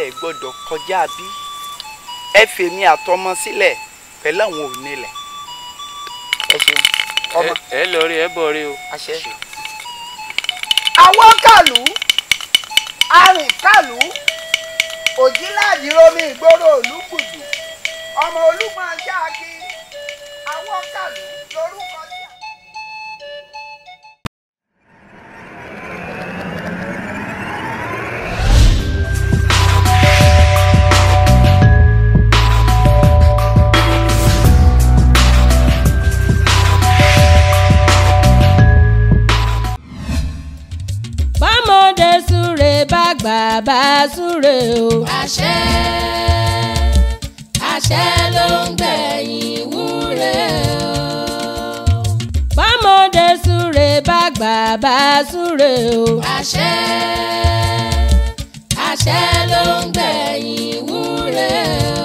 ẹ gbọ́dọ̀ kọjá bí ẹ fèmí àtọmọ sílẹ̀ pẹ̀lú àwọn onílẹ̀ ọmọ. ẹ lọ rí ẹ bọ rí o. àṣẹ. àwọn kàlù arìn kàlù òjìláàdì romi ìgboro olúkùdù ọmọ olúmọ ajá kí àwọn kàlù lórúkọ. bàbá súre o. àṣẹ àṣẹ ló ń gbẹ̀yìn wúre o. bọ́mọdé súre bàgbà bá súre o. àṣẹ àṣẹ ló ń gbẹ̀yìn wúre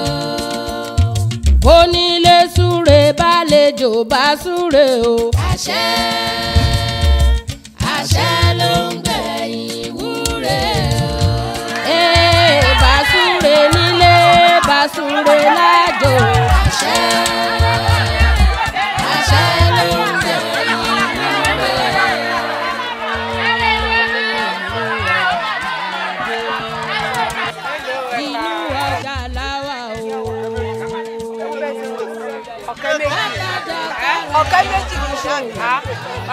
o. onílé súre bálejò bá súre o. àṣẹ. àṣẹjò àṣẹ àṣẹ ló ń bẹ lọ́wọ́ inú ọjà láwà o. ọ̀kẹ́ méjì ní sọ́ọ̀tà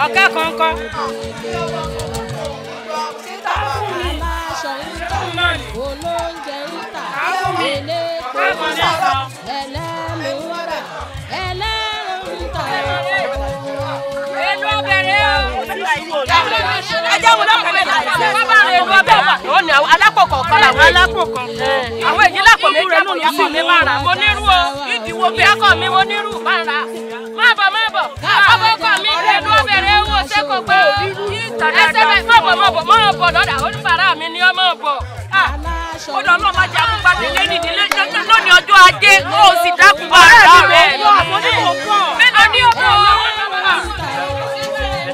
ọ̀kẹ́ kọ̀ọ̀kan. Come ẹjẹ wo lọkàn bẹ́ẹ̀ náà ṣe wọn bẹ́ẹ̀ wà ó ní àwọn alákòókò kan làwọn alákòókò àwọn èyí lápò mú rẹ lónìí sí mi bá ra mo nírú o ìdìwọ bí akọ mi mo nírú bá ra má bọ̀ má bọ̀ ọkọ̀ ọkọ̀ mi ẹnu ọbẹ̀rẹ̀ owó sẹ́kọ̀ọ́ gbọ́ ẹsẹ̀ bẹ́ẹ̀ má bọ̀ má bọ̀ má bọ̀ lọ́dà oníbàárà mi ni ọmọ bọ̀ ó lọ lọ́ọ́ máa jẹ́ àkópa délé nídìílé lónìí ọjọ́ ajé ó sì dákun bá ara rẹ̀ mélòó ní òkú.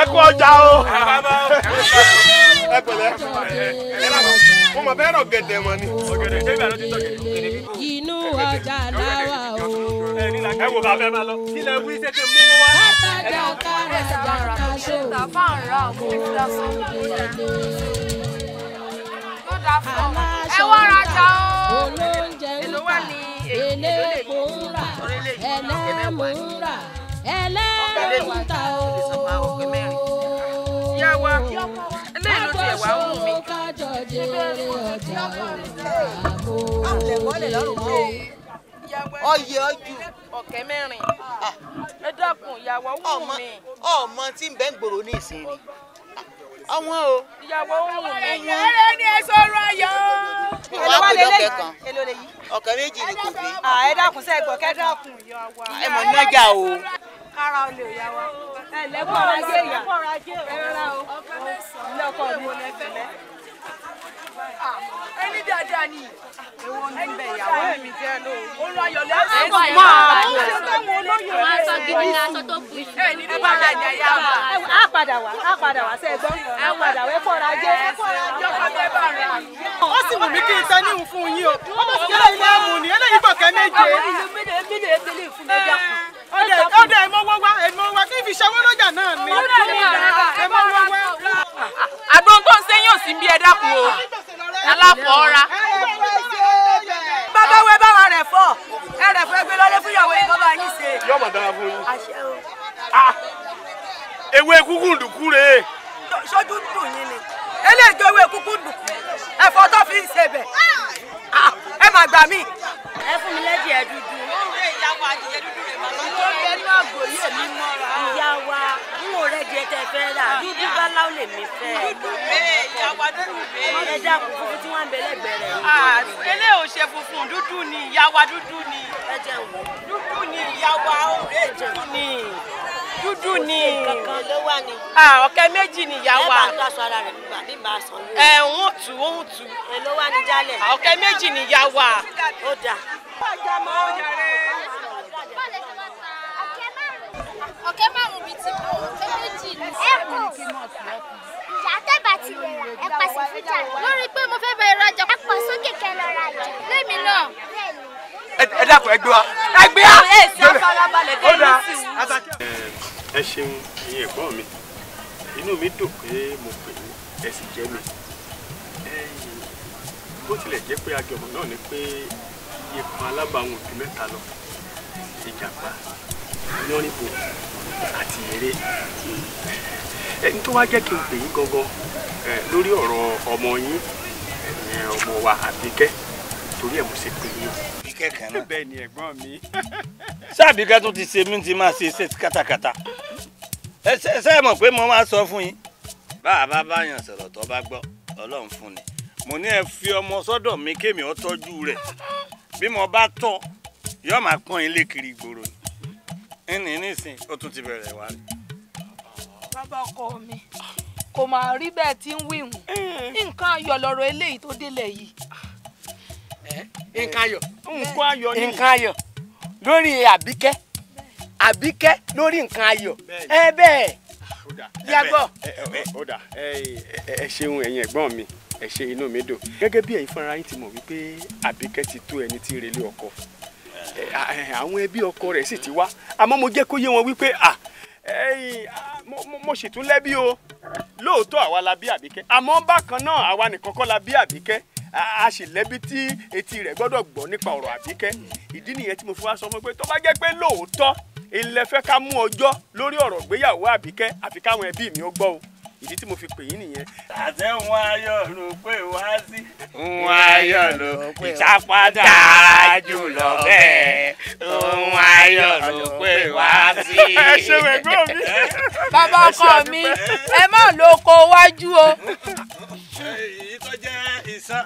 ẹ kú ọjà o ẹ pẹ̀lẹ́ mo mọ fẹ́ràn gẹ̀dẹ̀ mọ ni. inú ọjà láwa o. ẹ wo bàbá ẹ máa lọ. ilẹ̀ wí ṣe kí n mú wá. látàjà kára jàǹkà ṣó. ẹ wá rajà o. olóúnjẹ ń ta eléèkó ń rà ẹlẹ́mú ń rà ẹlẹ́rù ta o. yá wa eléyìí ló tiẹ̀ wá wù mí. kájọ jèrè ọjà ọjà mo ọyẹ ọjù ọ̀kẹ́ mẹ́rin ẹ dákun ìyàwó wù mí. ọmọ tí ń bẹ ń gbòòrò ní ìsinmi ọmọ o. ìyàwó òun mi. ìyàrá ni èso ọrọ̀ ayọ̀. èlò wa lè lẹ́yìn èlò lè yí. ọ̀kẹ́ méjì ni kò bí. ẹ dákun sẹ́ gbọ́ kẹ́ dákun yọ wa. ẹ mọ̀ nájà o. kára olè ìyá wa. ẹ lẹ́kọ̀ọ́ ajé ìyá. ẹ rárá o. ọkọ mẹ́sàn-án. ọkọ mi ò lẹ́fẹ̀ẹ́ ẹni dáadáa ni ẹni bẹ ìyàwó mi jẹ ló ń lọ ayọ̀lẹ́ ẹ̀sìn mọ́ àwọn ọmọ olóyè ọ̀rẹ́ ẹ̀ sọ gidi ní aṣọ tó kù yìí ẹ̀ ní bá dàjà yá wa. a padà wá a padà wá sẹ́gbọ́n a padà wá ẹ̀fọ́ra jẹ́ ó sì wù mí kí n tán níhùn fún ẹ̀ ẹ̀ ẹ̀ mọ́ àdóhun tó ń sẹ́yìn òsì ń bí ẹ dákun o aláfọ̀ ọ́ra. bàbá wo ẹ bá wa rẹ̀ fọ́ ẹ rẹ̀ fọ́ ẹgbẹ́ lọ́lé fún ìyàwó yìí kọ́ bá yín ṣe. yóò mọ̀ dára fún yín. Ah, ewé kúkú dùkú rèé. sójú dùn yín ni eléjò ewé kúkú dùkú ẹ̀fọ́ tó fi ń ṣe bẹ̀ ah, ẹ má gbà mí. ẹ fún mi lẹ́jì ẹ̀ dúdú. ìyá wa ìyá wa rẹ di ẹtẹ fẹ́ rà ah. dúdú báláwo lè mi fẹ́. dúdú bẹ́ẹ̀ eh, ìyàwó eh, dúdú bẹ́ẹ̀. Eh. ẹ dákun funfun tí wọ́n ń bẹ̀rẹ̀ bẹ̀rẹ̀. àtẹlẹ́ ò funfun dúdú ni ìyàwó dúdú ni. ẹ jẹ́ n wò. dúdú ni ìyàwó òré oh, dúdú ni dúdú ni ọ̀kẹ́ méjì ni ìyá wa ẹ̀ ń tù ń tù ọ̀kẹ́ méjì ni ìyá ó dà. ó dà mọ́ ọ́ ọ̀kẹ́ márùn-ún mi ti bọ̀ ọ̀kẹ́ méjì ní ẹ̀kọ́ ìyá tẹ́bà ti lè rà ẹ pàṣẹ fújà lórí pé mo fẹ́ bẹ̀rẹ̀ rajà ẹ pọ̀ sókè kẹ́ lọ rajà lémi náà. ẹ dákun ẹ gbé wa ẹ gbé wa. ẹ sì afarabalẹ̀ dé ní ẹ ṣeun ìyẹn ẹ̀gbọ́n mi inú mi dùn pé mo pè é ẹ sì jẹ́ mi bó tilẹ̀ jẹ́ pé agẹmọ̀ náà ni pé iye kan alábàáhùn ju mẹ́ta lọ ìjàmbá yánníbo àti eré ẹni tó wá jẹ́ kí n pè yín gangan lórí ọ̀rọ̀ ọmọ yín ọmọ wa àbíkẹ́ torí ẹ̀ mo ṣe pè yín kẹ̀kẹ́ náà. bẹ́ẹ̀ ni ẹ̀gbọ́n mi. sábì ká tún ti ṣe mí ti máa ṣe iṣẹ́ kátàkátà ẹ ṣe mọ̀ pé mo máa sọ fún yín. bá a bá báyàn sọ̀rọ̀ tó bá gbọ́ ọlọ́run fún ni mo ní ẹ fi ọmọ sọ́dọ̀ mi kémi ó tọ́jú rẹ̀ bí mo bá tọ́ yóò máa pọ́n ilé kiri ìgboro ni ní nísìn ó tún ti bẹ̀rẹ̀ wá rí. bàbá ọkọ mi kò máa rí bẹ́ẹ̀ tí ń wíwùn eh. nǹkan ayọ̀ lọ́rọ̀ eléyìí tó délẹ̀ yìí. Eh, nǹkan ayọ̀ nǹkan ayọ̀ ni nǹkan ayọ̀ lórí àbíkẹ́ àbíkẹ́ lórí nǹkan ayọ̀ ẹ bẹ́ẹ̀ yàgbọ́. ẹ ṣeun ẹ̀yin ẹ̀gbọ́n mi E ṣe inú mi dùn gẹ́gẹ́ bí ẹ̀yin fúnra yín ti mọ̀ wípé àbíkẹ́ ti tó ẹni tí ń relé Eh, àwọn ẹbí ọkọ rẹ̀ sì ti wá àmọ́ mo jẹ́ kó yé wọn wípé à ah, ah, mo sì tún lẹ́bí o lóòótọ́ àwa la bí àbíkẹ́ àmọ́ bákan náà àwa nìkan kọ́ la bí àbíkẹ́ a sì lẹ́bí tí etí rẹ̀ gbọ́dọ̀ gbọ́ nípa ọ̀rọ̀ àbíkẹ́ ìdí nìyẹn tí mo fi wá sọ fún pé tó bá jẹ́ pé lóòótọ́ ilẹ̀ fẹ́ ká mú ọjọ́ lórí ọ̀rọ̀ ìgbéyàwó àbíkẹ́ àfi káwọn ẹbí mi ó gbọ́ o ìdí tí mo fi pè yín nìyẹn. àtẹ̀wọ̀n ayọ̀ ló pé wá sí. òun ayọ̀ ló ìsapádà jùlọ bẹ́ẹ̀. òun ayọ̀ ló pé wá sí. ẹ ṣe wẹ̀gbọ́n mi. bàbá ọkọ mi ẹ má lọ kó wájú o. èyí tó jẹ́ ìsan.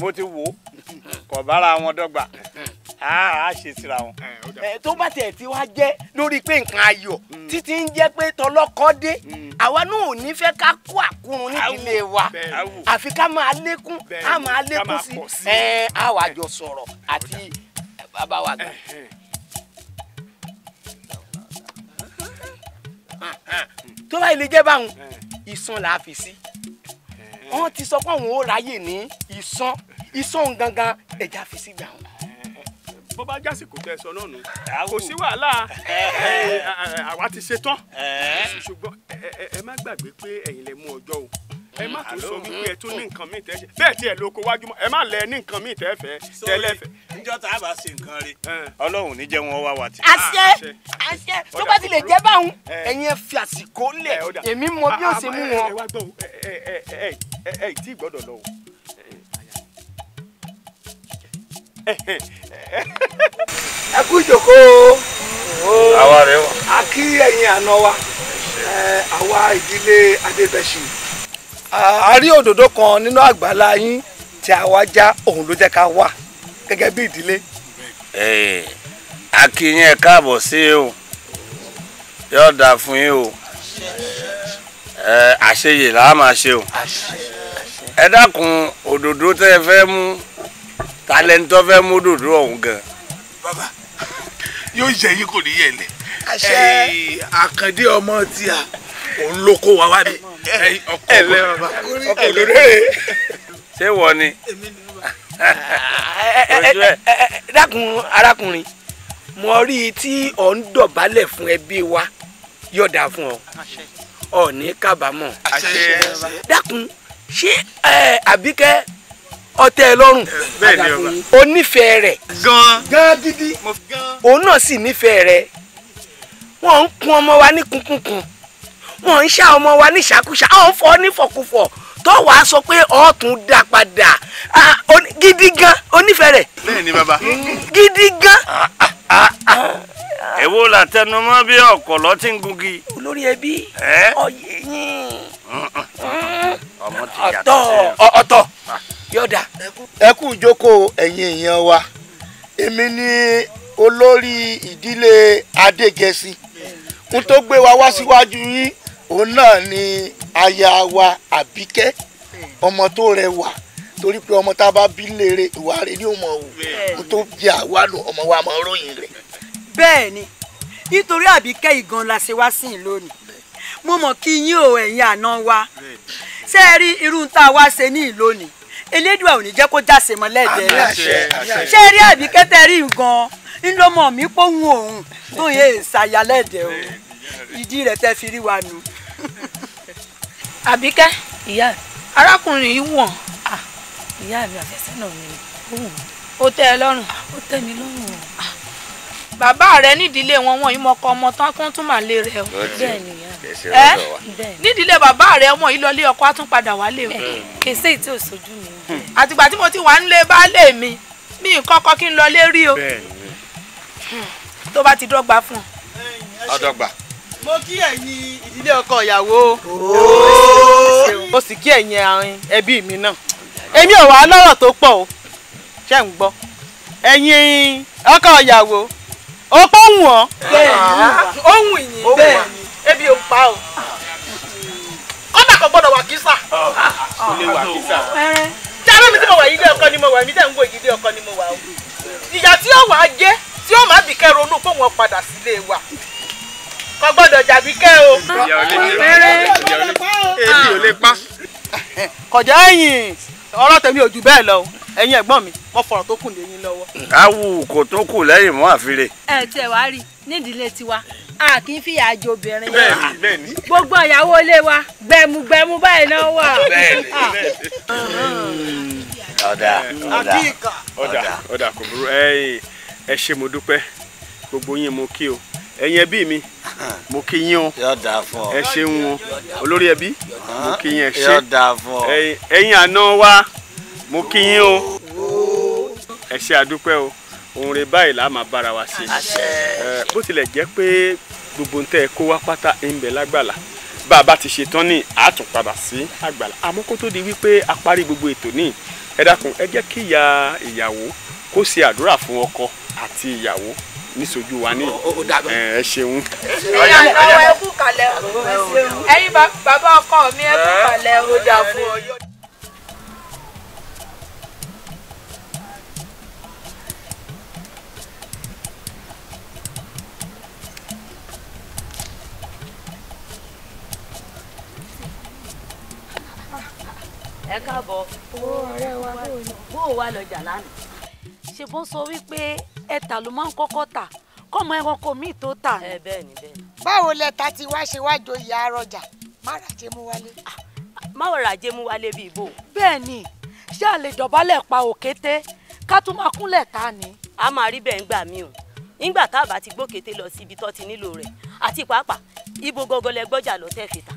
mo ti wò kò bára wọn dọ́gba a ah, ah, ṣe síra wọn. Eh, eh, tó bá tiẹ̀ tí wàá jẹ́ lórí pé nǹkan ayọ̀ mm. títí ń jẹ́ pé tọlọ́kọ́ dé mm. àwa náà ò ní fẹ́ ká kó àkúrun nídìílé wa àfi ká máa lékún á máa lékún sí àwa eh, jọ sọ̀rọ̀ àti bàbá wa gan. tó bá ilé jẹ́ báwọn ìsan là á fi sí wọ́n ti sọ pé àwọn ò ráyè ní ìsan ìsan gangan ẹ̀já fi sí gbà wọn bó bá jásìkò tẹ sọ náà nù kò sí wàhálà àwa ti ṣe tán ṣùgbọ́n ẹ má gbàgbé pé ẹ̀yin lè mú ọjọ́ o ẹ má tún sọ wípé ẹ tún ní nǹkan míì tẹ́ ṣe bẹ́ẹ̀ tí ẹ ló wájú mọ́ ẹ má lẹ ní nǹkan míì tẹ́ fẹ́ tẹ́lẹ̀ fẹ́. níjọ́ tá a bá ṣe nǹkan rí ọlọ́run ní jẹ́ wọn wa ti. àṣẹ àṣẹ tó bá ti jẹ́ báwọn ẹ̀yin ẹ fi àsìkò lẹ̀ èmi mọ bí ó ṣe mú wọn. ẹ ẹ ẹ ẹ ẹ tí ẹ kú ìjòkó àwa rẹ wà. a kí ẹ̀yin àna wa àwa ìdílé adébẹ̀sì a rí òdòdó kan nínú àgbàlá yín tí a wá já òun ló jẹ́ ká wá gẹ́gẹ́ bí ìdílé. a kí yín ẹ káàbọ̀ sí o yóò dáa fún yín o àṣeyè làá máa ṣe o ẹ dákun òdòdó tẹ́ ẹ fẹ́ mú ta lẹni tó fẹ́ mú dòdò ọ̀hún gan. bàbá yóò jẹ yín kò ní yẹ lẹ. àṣẹ àkàndé ọmọ tí a òun ló kó wa wá ní. ọkọ lẹ bàbá ọkọ lórí rẹ. ṣé wọ ni. dákun arákùnrin mo rí i tí ò ń dọ̀bálẹ̀ fún ẹbí wa yọ̀dà fún ọ ọ̀ ní kábàámọ̀ dákun ṣé àbíkẹ́ ọtẹ ẹ lọ́rùn o nífẹ̀ẹ́ rẹ̀ gan gidi òun náà sì nífẹ̀ẹ́ rẹ̀ wọ́n ń kun ọmọ wa ní kunkunkun wọ́n ń ṣá ọmọ wa ní ṣàkúṣà àwọn fọ́ nífọ̀kúfọ̀ tó wà á sọ pé ọ̀tún dá padà gidi gan onífẹ̀ẹ́ rẹ̀ mm, gidi gan. Ah, ah, ah, èwo la tẹnumọ́ bí ọ̀kọ̀lọ́ ti ń gungi. olórí ẹbí ọyẹ yín mm, mm. ọ̀tọ̀ ọ̀tọ̀ yọ̀dà. ẹ kú ìjókòó ẹ̀yin èèyàn wa èmi ni olórí ìdílé adégẹ̀sì n tó gbé wa wá síwájú yín òun náà ni aya wa àbíkẹ́ ọmọ tó rẹwà torí pé ọmọ tá a bá bí léèrè ìwà rẹ̀ ní òmò wò n tó jẹ àwa lò ọmọ wa máa ròyìn rẹ̀. bẹ́ẹ̀ ni nítorí àbíkẹ́ ìgan la ṣe wá sí i lónìí mo mọ̀ kí yín o ẹ̀yin àná wa ṣé ẹ rí irú tá a wá ṣe ní ìlónìí elédùà ò ní jẹ́ kó jáse mọ́ lẹ́ẹ̀dẹ́ ṣé rí àbí kẹ́tẹ́rì gan ńlọmọ mi pòun òun tó yẹ ìsàyà lẹ́ẹ̀dẹ́ o ìdí rẹ̀ tẹ́ fi rí wa nù. àbíkẹ́ ìyá arákùnrin yìí wọ̀n ah, ìyá mi àfẹ́sẹ́ náà ni ó wù ó tẹ́ ẹ lọ́rùn ó tẹ́ mi lọ́rùn o. Ah, bàbá rẹ nídìílé wọn wọn yìí mọ ọkọ ọmọ tán kún tún màá lé rẹ o. ẹ nídìílé bàbá rẹ wọn yìí lọlé ọkọ àtún padà wálé o. kèsè tí ò sojú mi. àtìgbà tí mo ti wà ń lé baálé mi mi kọ́kọ́ kí n lọlé rí o. tó bá ti dọ́gba fún ọ. ọdọgba. mo kí ẹ̀yin ìdílé ọkọ ìyàwó. mo sì kí ẹ̀yin ẹbí mi náà. èmi ò wá lọ́rọ̀ tó pọ̀ o ṣé ń gbọ́ ẹ̀yin ọkọ ìyàwó ọpọ ohun ọ. bẹ́ẹ̀ni ohun ìyìn bẹ́ẹ̀ni ebi ò pa o kọ́dà kan gbọ́dọ̀ wà kísà. o lè wà kísà. jáwé mi tí mo wà yìí ilé ọkọ ni mo wà mí dẹ̀ ń wò yìí ilé ọkọ ni mo wà o. ìyá tí ó wà á jẹ́ tí ó máa bìkẹ́ ronú pé wọ́n padà sílé wa kò gbọ́dọ̀ jàbí kẹ́ o. ìyá ò lè pa. èmi ò lè pa. kọjá ẹ̀yìn ọ̀rọ̀ tèmi ò jù bẹ́ẹ̀ lọ ẹ̀yin ẹ̀gbọ́n mi mo fọ̀rọ̀ tó kù lẹ́yìn lọ́wọ́. awu kò tó kù lẹ́yìn mọ́ àfire. ẹ tẹ wá rí nídìílé tiwa a kì í fìyà jẹ obìnrin wa gbogbo ìyàwó ilé wa gbẹmugbẹmu báyìí náà wà. Ah. ọ̀dà ọ̀dà ọ̀dà ọ̀dà kò burú ẹ ṣe mo dúpẹ́ gbogbo yín mo kí o ẹ̀yin ẹbí mi mo kí yín o ẹ ṣeun o olórí ẹbí mo kí yín ẹ ṣe ẹ̀yin àná wa mo kí yín o ẹ àdúpẹ́ o òun rè báyìí là á máa bára wa ṣe bó tilẹ̀ jẹ́ pé gbogbo ń tẹ́ ẹ kó wá pátá ń bẹ lágbàlá bá a bá ti ṣe tán ní àátún sí àgbàlá àmọ́ kó tó di wípé a parí gbogbo ètò ní ẹ dákun ẹ jẹ́ kí ìyá ìyàwó kó ṣe àdúrà fún ọkọ àti ìyàwó níṣojú wa ní ẹ ṣeun. ìyá àtàwọn ẹ kú kalẹ̀ o ẹ̀yin bàbá ọkọ mi ẹ kú kalẹ̀ o dà fún ọ. ẹ káàbọ̀ bó o wà lọ́jà lánàá ṣe bó sọ wípé ẹ̀ta ló máa ń kọ́kọ́ tà kọ́mọ ẹranko míì tó tà ní. báwo lẹ́ta ti wá ṣe wá joyè arọjà má ràjẹ́ mú wálé. Ah, má ràjẹ́ mú wálé bíi bò. bẹ́ẹ̀ ni ṣé a lè dọ̀bálẹ̀ pa òkété ká tún máa kúnlẹ̀ ta ni. a máa rí bẹ́ẹ̀ ń gbà mí o nígbà tá a bá ti gbókété lọ síbi tó ti nílò rẹ̀ àti pàápàá ibo gangan lẹ gbọ́jà lọ tẹ́ fi ta.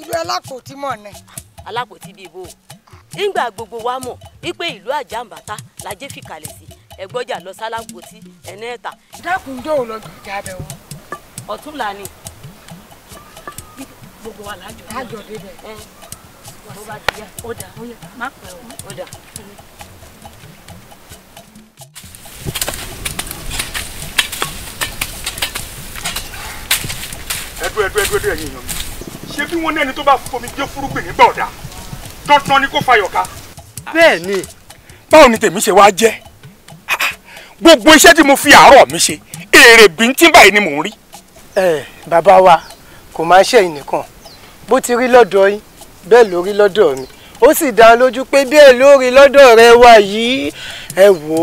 ìlú alápòtí mọ̀ ni. alápòtí bíi bò ó nígbà gbogbo wa mọ̀ wípé ìlú àjàǹbáta ẹgbọ́jà lọ sálákòótì ẹ̀nà ẹ̀ta. dákun dóò lọ gbèjà bẹ wọn. ọ̀tún là ni gbogbo wa lájọ lájọ débẹ̀. bó bá ti yá ó dà má pẹ́ ó dà. ẹdú ẹdú ẹdú ẹdú ẹ̀yin èèyàn mi ṣé bí wọn lẹni tó bá fomi gbé fúrúgbìn nígbà ọdà dandan ni kó fayọ ká. bẹ́ẹ̀ ni báwo ni tèmi ṣe wá jẹ́ gbogbo iṣẹ́ tí mo fi àárọ̀ mi ṣe èrè bíntín báyìí ni mò ń rí. ẹ bàbá wa kò máa ṣe ìnìkan bó ti rí lọ́dọ̀ yín bẹ́ẹ̀ ló rí lọ́dọ̀ mi ó sì dá lójú pé bẹ́ẹ̀ ló rí lọ́dọ̀ rẹ wá yìí ẹ wò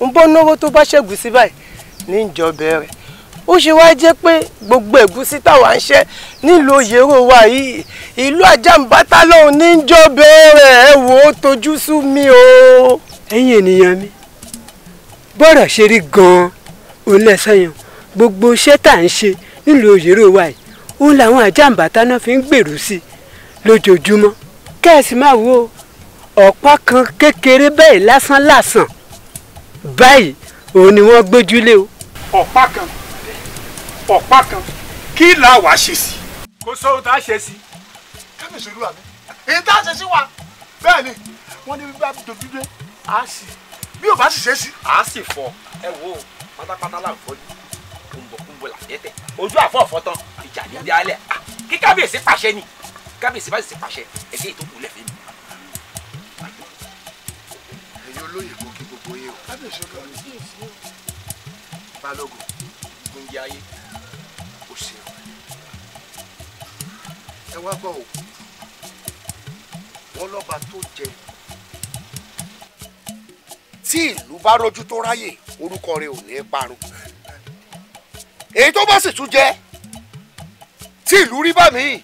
ó ń bọ́ náwó tó bá ṣẹ́gun sí báyìí ní ìjọba rẹ̀ ó ṣe wá jẹ́ pé gbogbo ẹ̀gúsí táwa ń ṣẹ́ nílùú òyèrò wa yìí ìlú àjàǹbátá lòun ní ìjọba rẹ̀ ẹ wò ó tojú sú mi o. ẹ̀yin ènìyàn mi bọ́rọ̀ ṣe rí gan-an òun lẹ́sọ̀ yẹn gbogbo iṣẹ́ tá à ń ṣe nílùú òyèrò wa yìí òun làwọn àjàǹbáta náà fi ń gbèrú sí i lójoojúmọ́ kẹ́ẹ̀sì máa wo ọ̀pá kan kékeré bẹ́ẹ̀ lásán lásán báyìí òun ni wọ́n gbójúlé o. ọ̀pá kan ọ̀pá kan kí là wàá ṣe sí. kò sóhun tá a ṣe sí. kábíyèsí olúwa mi èyí tá a ṣe sí wa bẹ́ẹ̀ ni wọ́n ní bí bá a sì bí o bá sì ṣe sí. a sì fọ ẹ wo pátápátá là ń fọ yìí kúńbọkúńbọ làjẹ tẹ ojú àfọ̀fọ́ tán ìjà ní ìdí alẹ́ ah, kí kábíyèsí pàṣẹ ni kábíyèsí bá sì pàṣẹ ẹgbẹ́ ètò ìkúlẹ̀ fún mi. ẹ̀yin olóyè kò kí gbogbo yẹn o kábíyèsí ọ̀dọ́ mi balógun gbòǹgì ayé kò ṣe o ẹ wá gbọ́ o wọ́n lọ́ba tó jẹ tí ìlú bá rojú tó ráyè orúkọ rẹ ò ní parun èyí tó bá sì tún jẹ́ tí ìlú rí bá mi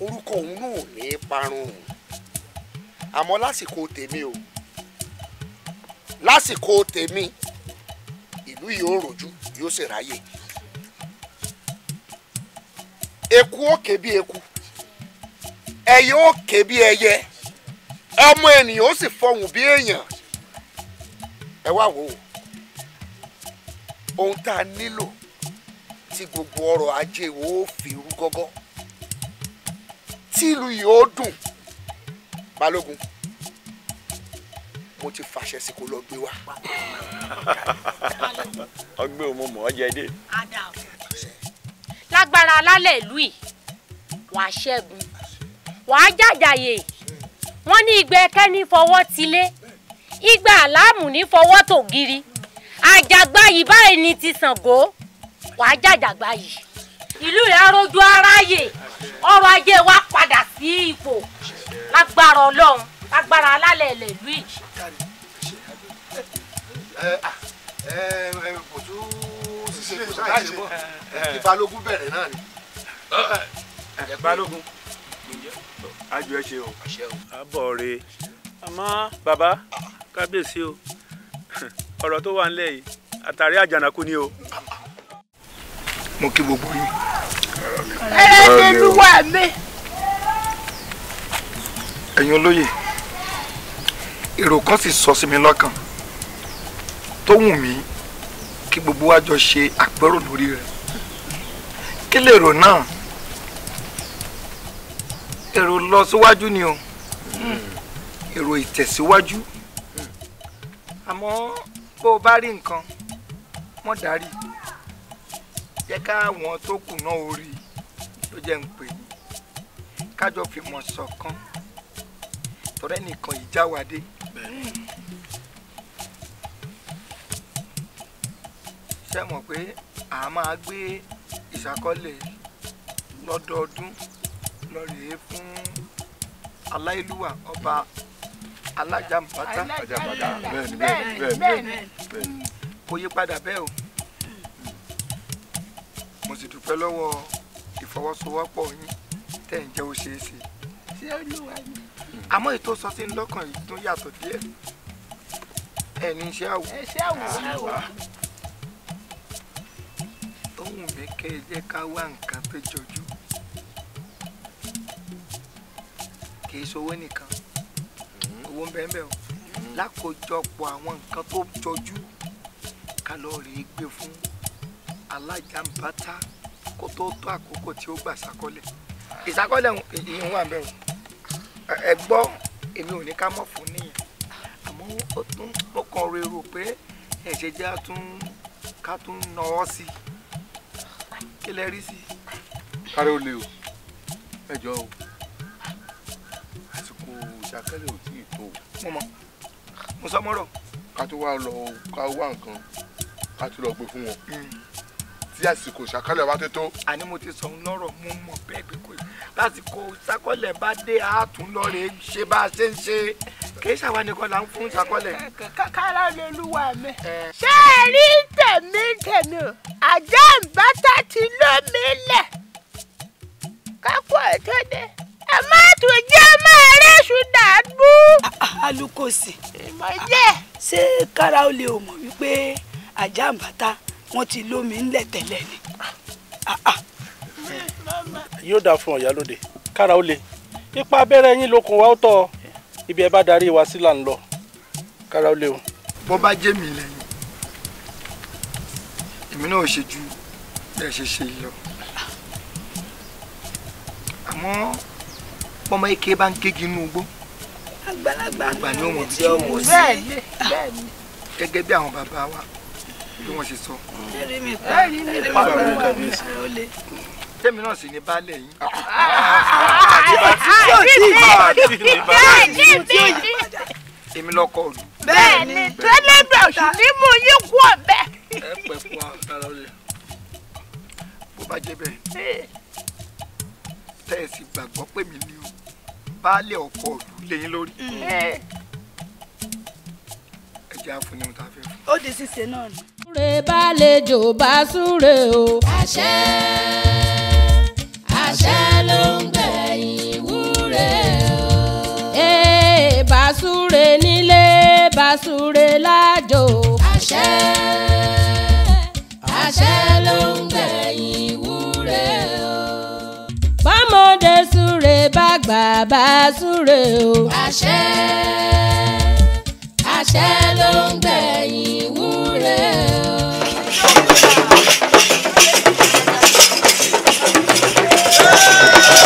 orúkọ òun náà ò ní parun àmọ́ lásìkò tèmi o lásìkò tèmi ìlú yìí ó rojú yóò sì ráyè eku ó ké bí eku ẹyẹ ó bí ẹyẹ ọmọ ènìyàn ó sì fọhùn bí èèyàn ẹ wá wò ó ohun tá a nílò tí gbogbo ọrọ̀ ajé wo fi rú gọ́gọ́ tílu yìí ó dùn balógun mo ti fàṣẹ sí kó lọ gbé wa. ọgbẹ́ òun mo mọ̀ ọ́ jẹ dé. lágbára alálẹ̀ ìlú yìí wàá ṣẹ́gun wàá jàjàyè wọ́n ní ìgbẹ́ kẹ́ni fọwọ́ tilé. Mm ìgbà aláàmù ní fọwọ́ tó giri àjàgbá yìí báyìí ni ti Ṣàngó wàá jàjàgbá yìí ìlú rẹ̀ arójú aráyè ọrọ̀ ajé wa padà sí ipò lágbára ọlọ́run lágbára alálẹ̀ ilẹ̀ ìlú yìí. kò tún ṣe kò sáà ṣe bọ́ ìbalógun bẹ̀rẹ̀ náà ni. balógun àjọ ẹ ṣe o àbọ̀ rẹ̀ àmọ́ bàbá kábíyèsí o ọ̀rọ̀ tó wà nílẹ̀ yìí àtàrí àjànàkú ni o. mo kí gbogbo yín. ẹlẹ́dẹ̀ẹ́lúwà mi. ẹ̀yin olóye èrò kan sì sọ sí mi lọ́kàn tó wù mí kí gbogbo wa jọ ṣe àpérò lórí rẹ̀ kí lèrò náà èrò lọ síwájú ni o. Mm èrò ìtẹ̀síwájú àmọ́ bó o bá rí nǹkan mọ́ dárí jẹ́ káwọn tó kù náà ó rí ló jẹ́ ń pè ní kájọ fi mọ̀ ṣọ̀kan tọ́rẹ́ nìkan ìjáwádé. ṣe mọ̀ pé a máa gbé ìṣàkọọ́lẹ̀ lọ́dọọdún lọ́rẹ̀ẹ́ fún aláìlúwà ọba alájàmbátá bẹ́ẹ̀ni bẹ́ẹ̀ni bẹ́ẹ̀ni kò yí padà bẹ́ẹ̀ o mo sì dúpẹ́ lọ́wọ́ ìfọwọ́sowọ́pọ̀ yín tẹ̀ ń jẹ́ ó ṣeé ṣe. ṣé olúwa mi. àmọ́ ètò sọ sí lọ́kàn yìí tún yàtọ̀ díẹ̀ ẹni iṣẹ́ àwọ̀. iṣẹ́ àwọ̀ ohun mi kẹ́ ẹ jẹ́ ká wá nǹkan tó jọjú kì í ṣowó nìkan ariwo ń bẹ́ẹ̀ bẹ́ẹ̀ lákòjọpọ̀ àwọn nǹkan tó jọjú ká gbé fún alájàmbátá kó tó tó àkókò tí ó gbà ṣàkọlẹ̀ ìṣàkọlẹ̀ ìyẹn wà bẹ́ẹ̀ o èmi ò ní ká mọ̀ fún nìyẹn àmọ́ ó tún mo kàn rèrò pé ẹ̀ṣẹ̀ jẹ́ ká tún nà sí i kí lẹ rí sí i. kárí ó o ẹ jọ o fẹ́lẹ̀ ò tí ì tó o mọ mo sọ mọ́rọ̀ ká tó wá lọ ká wá nǹkan ká tó lọ gbé fún wọn hmm. tí àsìkò ìṣàkọlẹ̀ bá tó tó. àní mo ti sọ lọ́rọ̀ mo mọ̀ bẹ́ẹ̀ bí kò lásìkò ìṣàkọlẹ̀ bá dé àtúnlọ́rẹ̀ ṣe bá a ṣe ń ṣe kì í ṣàwọn nìkan là ń fún ìṣàkọlẹ̀. kàkàrà lolúwa mi. ṣé ẹ rí tèmi tèmi o àjẹ́ ìbátá ti lómi lẹ̀ kápọ̀ ètò dé ẹ má tún jẹ́ máa rẹ́sùn dàdú. alukosi. ìmọ̀ jẹ́. ṣé kára ó lè mọ̀ wípé àjàǹbáta wọn ti lómi ńlẹ̀ tẹ́lẹ̀ ni. yóò dáa fún ọ̀yá lóde kára ó lè ipa abẹ́rẹ́ yín lókun wa ó tọ̀ ibi ẹ bá darí wa sí là ń lọ kára ó lè o. bó bá jẹ́ mi lẹ́yìn èmi náà ṣe ju bẹ́ẹ̀ ṣe ṣe lọ àmọ́ pọ́nmọ́ ike bá ń kégi inú igbó àgbàlagbà ni ó mọ̀ tí ó mọ̀ sí ah. gẹ́gẹ́ bí àwọn bàbá wa bí wọ́n ṣe sọ. tèmi náà sì ni baálé yín. èmi lọkọ òdu. bẹ́ẹ̀ni tẹlẹgbẹ oṣù ni mo yí kú ọbẹ. ẹ pẹ fún ara rẹ bó bá jẹ bẹ́ẹ̀ eh. tẹ ẹ sì gbàgbọ́ pé mi ní baálé ọkọ òdùlé yín lórí. Mm. Mm. Eh. ẹ jẹ́ àfúnni ohun tá a fẹ́ fún. ó di ṣíṣe náà ni. súre bálejò bá súre o. àṣẹ àṣẹ ló ń gbẹ̀yìn ìwúre o. Eh, bá súre nílé bá súre lájò. àṣẹ àṣẹ ló ń gbẹ̀yìn ìwúre o lóde súre bá gbà bá súre o. àṣẹ àṣẹ ló ń gbẹ̀yìn wúre o. Yeah.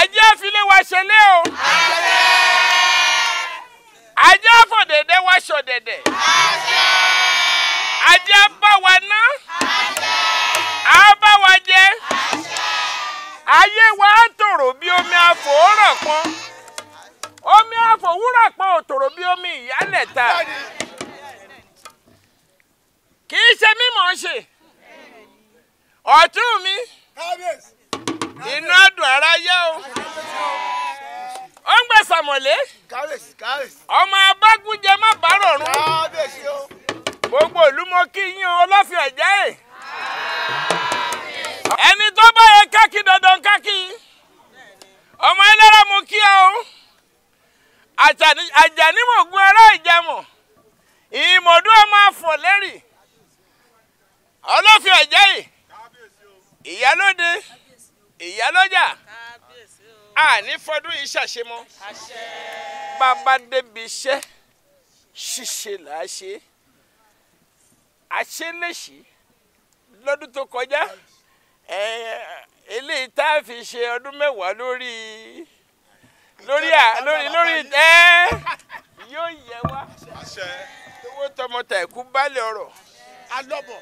ajé àfilé wa ṣẹlẹ̀ o. ajé àfọ̀dẹ̀dẹ̀ wa ṣọ̀dẹ̀dẹ̀. ajé bá wa ná. a bá wa jẹ. ayé wa á tòrò bí omi àfòwúrọ̀ pọn. omi àfòwúrọ̀ pọn ò tòrò bí omi ìyálẹ̀ ta. kì í ṣe mímọ̀ ṣe ọ̀tún mi. kábíyèsí iná dùn ara yá o ó ń gbà sàmọ̀lé ọmọ abágúnjẹ má bàárò rún gbogbo ìlú mo kí yín ọlọ́fin ẹ̀jẹ̀ ẹ̀ ẹni tó bá yẹ kákì dandan kákì ọmọ ẹlẹ́rọ mo kí ẹ o àjànímọ̀gún ará ìjẹmọ̀ ìmọ̀dún ọmọ afọ̀lẹ́rì ọlọ́fin ẹ̀jẹ̀ yìí ìyálóde ìyálọ́jà àní fọdún yìí ṣàṣe mọ́ bàbá débi iṣẹ́ ṣíṣe là á ṣe àṣeléṣì lọ́dún tó kọjá eléyìí tá a fi ṣe ọdún mẹ́wàá lórí lórí lórí lórí ẹ yóò yẹ wá owó tọmọtà ẹ̀kú balẹ̀ ọ̀rọ̀ alọ́bọ̀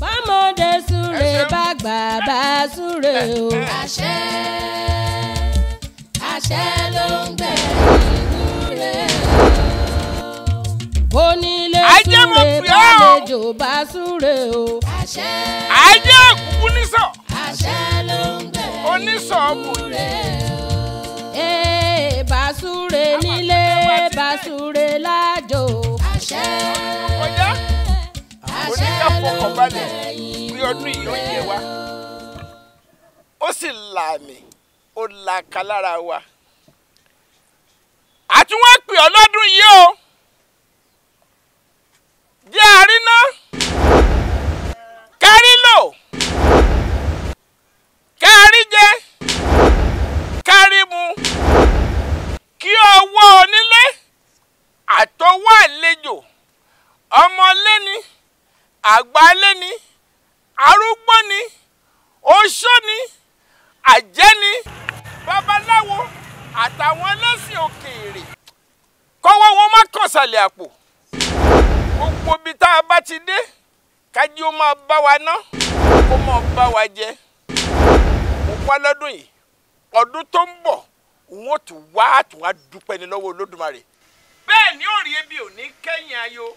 bámọ̀dé súre bàgbà bá súre o. àṣẹ àṣẹ ló ń gbẹ ìdúré o. onílé súre bàlejò bá súre o. àṣẹ àṣẹ ló ń gbẹ ìdúré o. bá súre nílé bá súre lájò. àṣẹ àfọkànbalẹ̀ pé ọdún yìí ó yẹ wa ó sì là àmì ó là ká lára wa àti wọ́n pè ọ́ lọ́dún yìí o jẹ́ àríná kárí lò kárí jẹ kárí mu kí ọwọ́ onílé àtọwọ́ àlejò ọmọlẹ́ni àgbálẹ́ ni arúgbó ni oṣó ni àjẹ́ ni babaláwo àtàwọn ẹlẹ́sìn òkèèrè kọ́wọ́ wọn má kàn sàlẹ̀ àpò gbogbo ibi tá a bá ti dé kájí ó máa bá wa ná kó máa bá wa jẹ mo wá lọ́dún yìí ọdún tó ń bọ̀ n ó tún wá tún wá dúpẹ́ ni lọ́wọ́ olódùmarè bẹ́ẹ̀ ni ó rí ebi ò ní kẹ́yìn ayo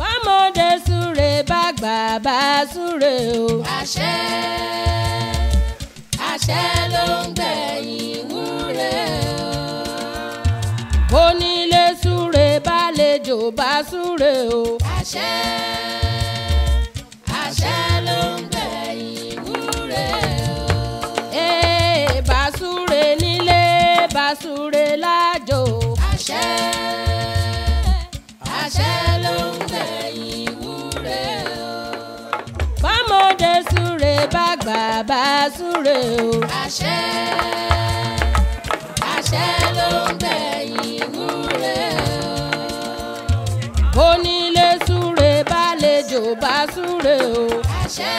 bámọ̀dé súre bàgbà bá súre o. àṣẹ àṣẹ ló ń gbẹ̀yìn wúre o. onílé súre bálejò bá súre o. àṣẹ àṣẹ ló ń gbẹ̀yìn wúre o. ee bá súre nílé bá súre lájò. àṣẹ àṣẹ ló ń gbẹ̀yìn ìwúre o. bọ́mọdé súre bàgbà bá súre o. àṣẹ àṣẹ ló ń gbẹ̀yìn ìwúre o. onílé súre bálejò bá súre o. àṣẹ.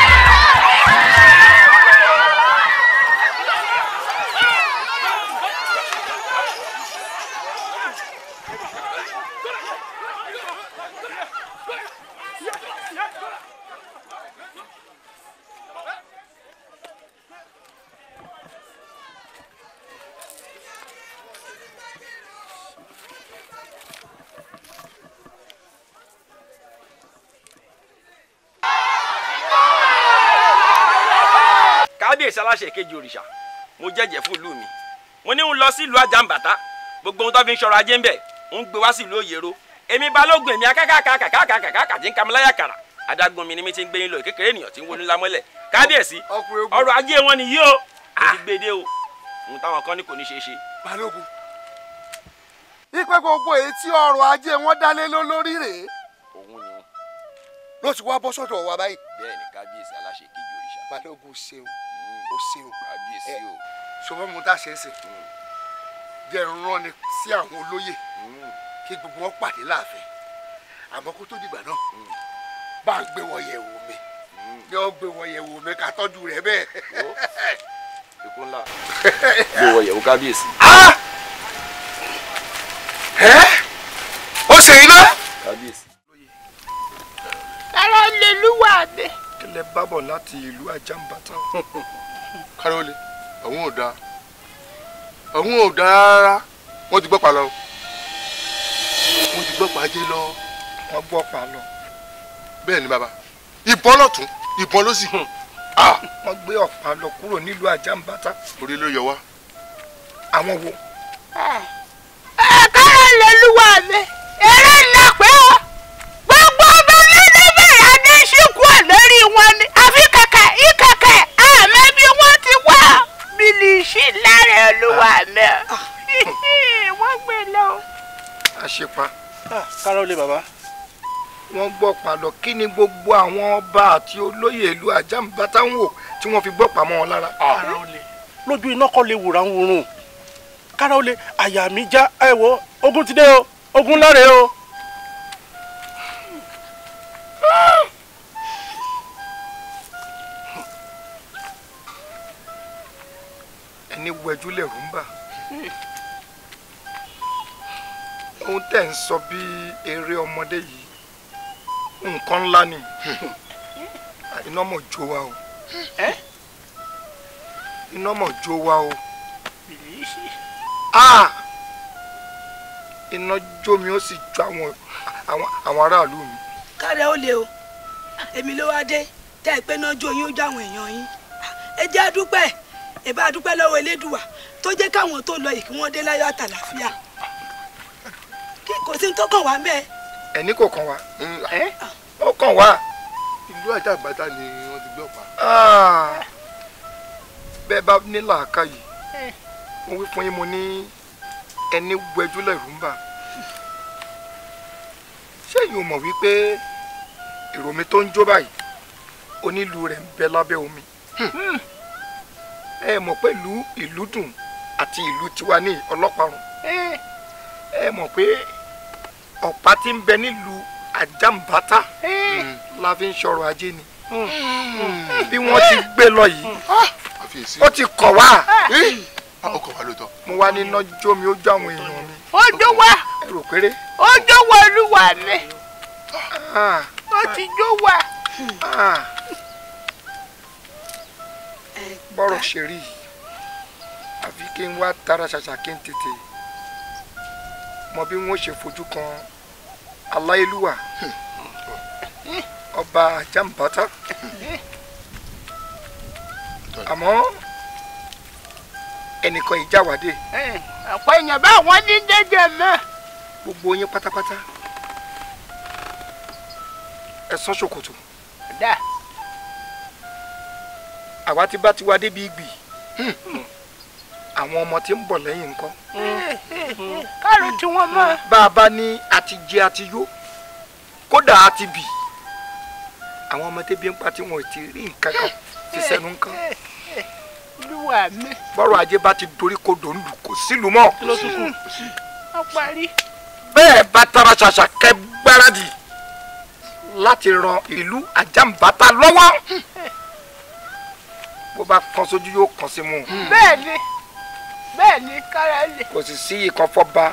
ọmọdé ìsaláṣẹ kejì òrìṣà mo jẹ́jẹ́ fún ìlú mi mo ní ń lọ sí ìlú àjàǹbàtà gbogbo ohun tó fi ń ṣọrọ̀ ajé ń bẹ̀ ń gbé wá sí ìlú òyèrò èmi balógun èmi akákàkàkàkàkàkà tí ń kamiláyà kàrà adágún mi ni mi ti ń gbé yín lọ kékeré ènìyàn tí ń wọnú lámọ́lẹ̀ kábíyèsí ọrọ̀ ajé wọn ni yíò kò ti ah. gbé e dé o ohun táwọn kan ní kò ní ṣe é ṣe. balógun ipe gbogbo èyí tí ọrọ̀ ajé wọn dálé lórí rèé. ló ti wá bọ́ sọ́dọ̀ wa báyìí. bẹ́ẹ̀ ni kábíyèsí aláṣẹ kejì òrìṣà. balógun ṣeun o ṣe o kábíyèsí o ṣùgbọ́n mo dá ṣe é sè hmm. jẹ́ rán ni sí àwọn olóyè hmm. kí gbogbo wọn pàdé láàfin àmọ́ kó tó dìgbà náà hmm. bá ń gbé wọn yẹ̀wò mi ni ó gbé wọn yẹ̀wò mi ká tọ́jú rẹ̀ bẹ́ẹ̀. ikú ńlá gbé wọn yẹ̀wò kábíyèsí. Ah! ó ṣe iná. kábíyèsí. ara lè lúwa mi. kílẹ̀ bábọ̀ láti ìlú Àjàmbátán. kárólé ọ̀hún ò dáa ọ̀hún ò dáa rárá wọ́n ti gbọ́pà lọ wọ́n ti gbọ́pà ajé lọ. wọ́n gbọ́pà lọ. bẹ́ẹ̀ ni bàbá ìbọn lọ́tún ìbọn ló sì hàn. Hmm. Ah! wọ́n gbé ọ̀pá lọ kúrò nílùú Àjàmbátà. orí ló yọ wá. àwọn wo. ẹ eh, eh, káàlẹ́ lúwa mi. ṣe pa. Ah, kárọ̀ lé bàbá. wọ́n gbọ́ pàlọ́ kí ni gbogbo àwọn ọba àti olóyè ìlú àjàmbátá ń wò tí wọ́n fi gbọ́ pamọ́ wọn lára. Ah. kárọ̀ lójú iná kọ́ lè wòrán wòrùn kárọ̀ lé àyà mi já ẹ wò ogun ti dé o ogun láre o. ẹni wẹjú lè rúmbà. ohun tẹ́ ń sọ bí eré ọmọdé yìí nǹkan ńlá ni iná mọ̀ jó wa o iná mọ̀ jó wa o iná jó mi ó sì jó àwọn àwọn aráàlú mi. kárẹ̀ ó le o èmi ló wá dé tẹ́ ẹ pé náà jó yín ó já àwọn èèyàn yín ẹ jẹ́ àdúpẹ́ ẹ bá àdúpẹ́ lọ́wọ́ elédùà tó jẹ́ káwọn tó lọ yìí kí wọ́n dé láyọ̀ àtàlàfíà kí kò sí tó kàn wá bẹ́ẹ̀. ẹni kò kàn wá ó kàn wá. ìlú àjàbáta ni wọ́n ti gbé ọ̀pá. Ah. bẹ́ẹ̀ bá ní làákàyè mo wí fún yín mo ní ẹni wẹjú lẹ́rù ń bà ṣẹ́yìn ò mọ̀ wípé èrò mi tó ń jó báyìí onílù rẹ̀ ń bẹ lábẹ́ omi hmm. ẹ mọ̀ pé ìlú ìlú dùn àti ìlú tiwa ní ọlọ́parun ẹ mọ̀ pé ọ̀pá tí ń bẹ nílùú àjàmbátá hmm. la fi ń sọ̀rọ̀ ajé ni hmm. Hmm. bí wọ́n ti gbé lọ yìí ah. ó ti kọ̀ wá. Ah, mo wá ní nọ́jọ́ mi ó jọ àwọn èèyàn mi. ó wa ó wa olúwa ni ah. ó ti jó wa. bọ́rọ̀ ṣe rí yìí àfi kí n wá tara ṣàṣà kí n tètè mọ bí wọ́n ṣe fojú kan aláyélúwà ọba jàǹbátà àmọ́ ẹnìkan ìjáwádé. ọ̀pọ̀ èèyàn bá wọn ní jẹjẹ mẹ́. gbogbo yín pátápátá ẹ sán ṣòkòtò. àwa ti bá tiwa débi ìgbì àwọn ọmọ tí ń bọ̀ lẹ́yìn ńkọ́. káàró tí wọ́n mọ̀. bá a bá ní àti jẹ àti yó kódà àti bì àwọn ọmọ tẹ́bí ń pa tí wọn ti rí nǹkan kan ti sẹ́nu nǹkan. bọ́rọ̀ ajé bá ti dorí kodò ń lù kó sílùú mọ́. bẹ́ẹ̀ bá tara ṣàṣà kẹ́ gbáradì láti ran ìlú àjàmbáta lọ́wọ́ hmm. bó bá kan sójú yóò kàn sí mu. bẹ́ẹ̀ ni bẹ́ẹ̀ ni kárẹ́lì. kò sì sí ikàn fọba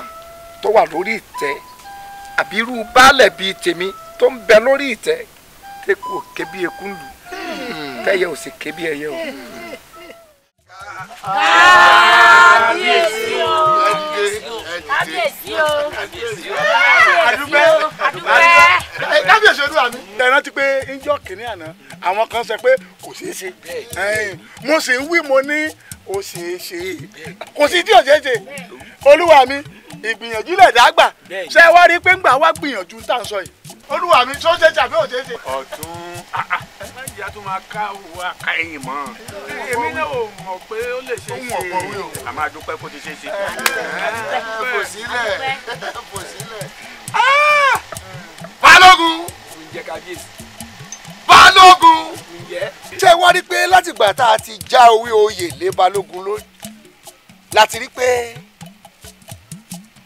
tó wà lórí ìtẹ́ àbí irú baálẹ̀ bíi tèmi tó ń bẹ lórí ìtẹ́ tẹ́kù ò ké bí ekú lù tẹ́yẹ ò sì ké bí ẹyẹ o. kábíyèsí o kábíyèsí o adúpẹ́ adúpẹ́ kábíyèsí olúwa mi. ẹ rántí pé ńjọ́ kìnìún àná àwọn kan sọ pé kò ṣeé ṣe mo sì ń wí mo ní ó ṣeé ṣe kò sí tí ò ṣeé ṣe olúwa mi ìgbìyànjú lè dágbà ṣé wá rí pé ńgbà wá gbìyànjú tá à ń sọ yìí olúwa mi tó ṣe tàbí ò ṣeé ṣe. ọ̀tún ìyá tó máa ká òwò àká ẹ̀yìn mọ́ èmi náà ò mọ̀ pé ó lè ṣe é ṣe a máa dúpẹ́ kó ti ṣe é ṣe. kò sílẹ̀ kò sílẹ̀. Ah! balógun. ǹjẹ́ kábíyèsí balógun ṣé wá rí pé látìgbà tá a ti já owó oyè lé balógun ló láti rí pé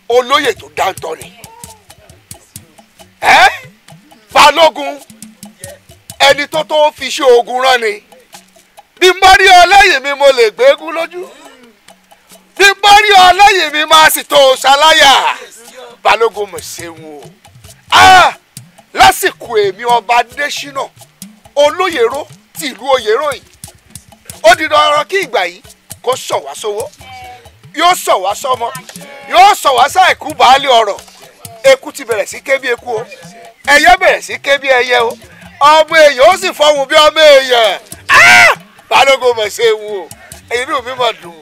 olóyè tó dáńtọ́ ni ẹ balógun ẹni tó tó fi ṣe ogun rán ni bí n bá rí ọlẹ́yìn mi mo lè gbẹ́gún lójú bí n bá rí ọlẹ́yìn mi máa sì tó ṣaláyà balógun mo ṣeun o lásìkò èmi ọba Adésínà olóyèrò ti ìlú oyèrò yìí ó di dandan kí ìgbà yìí kó sọ wá sówó yóò sọ wá sọmọ yóò sọ wá sáìkú baálé ọ̀rọ̀ eku ti bẹ̀rẹ̀ sí ké bí eku o ẹyẹ bẹ̀rẹ̀ sí ké bí ẹyẹ o ọmọ èèyàn ó sì fọhùn bí ọmọ èèyàn ah! balógun mọ̀ ṣe wù o inú mi mọ̀ dùn.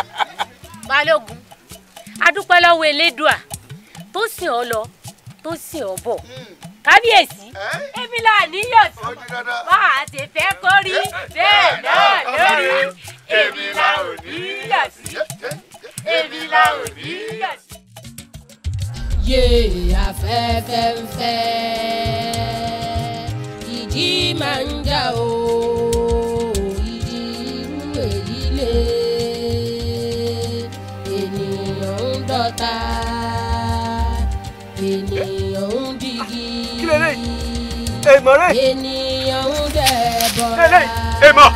balógun adúpẹ́ lọ́wọ́ elédùà tó sìn ọ́ lọ tó sìn ọ́ bọ̀. Mm kábíyèsí èmi là níyọ̀ tí bá a ti fẹ́ kó rí bẹ́ẹ̀ náà lórí èmi là ò níyọ̀ sí èmi là ò sí. yé afẹ́fẹ́ ń fẹ́ ìjì máa ń jà o. èmọ̀rẹ́. ènìyàn ń dẹ̀ bọ̀ra èmọ̀.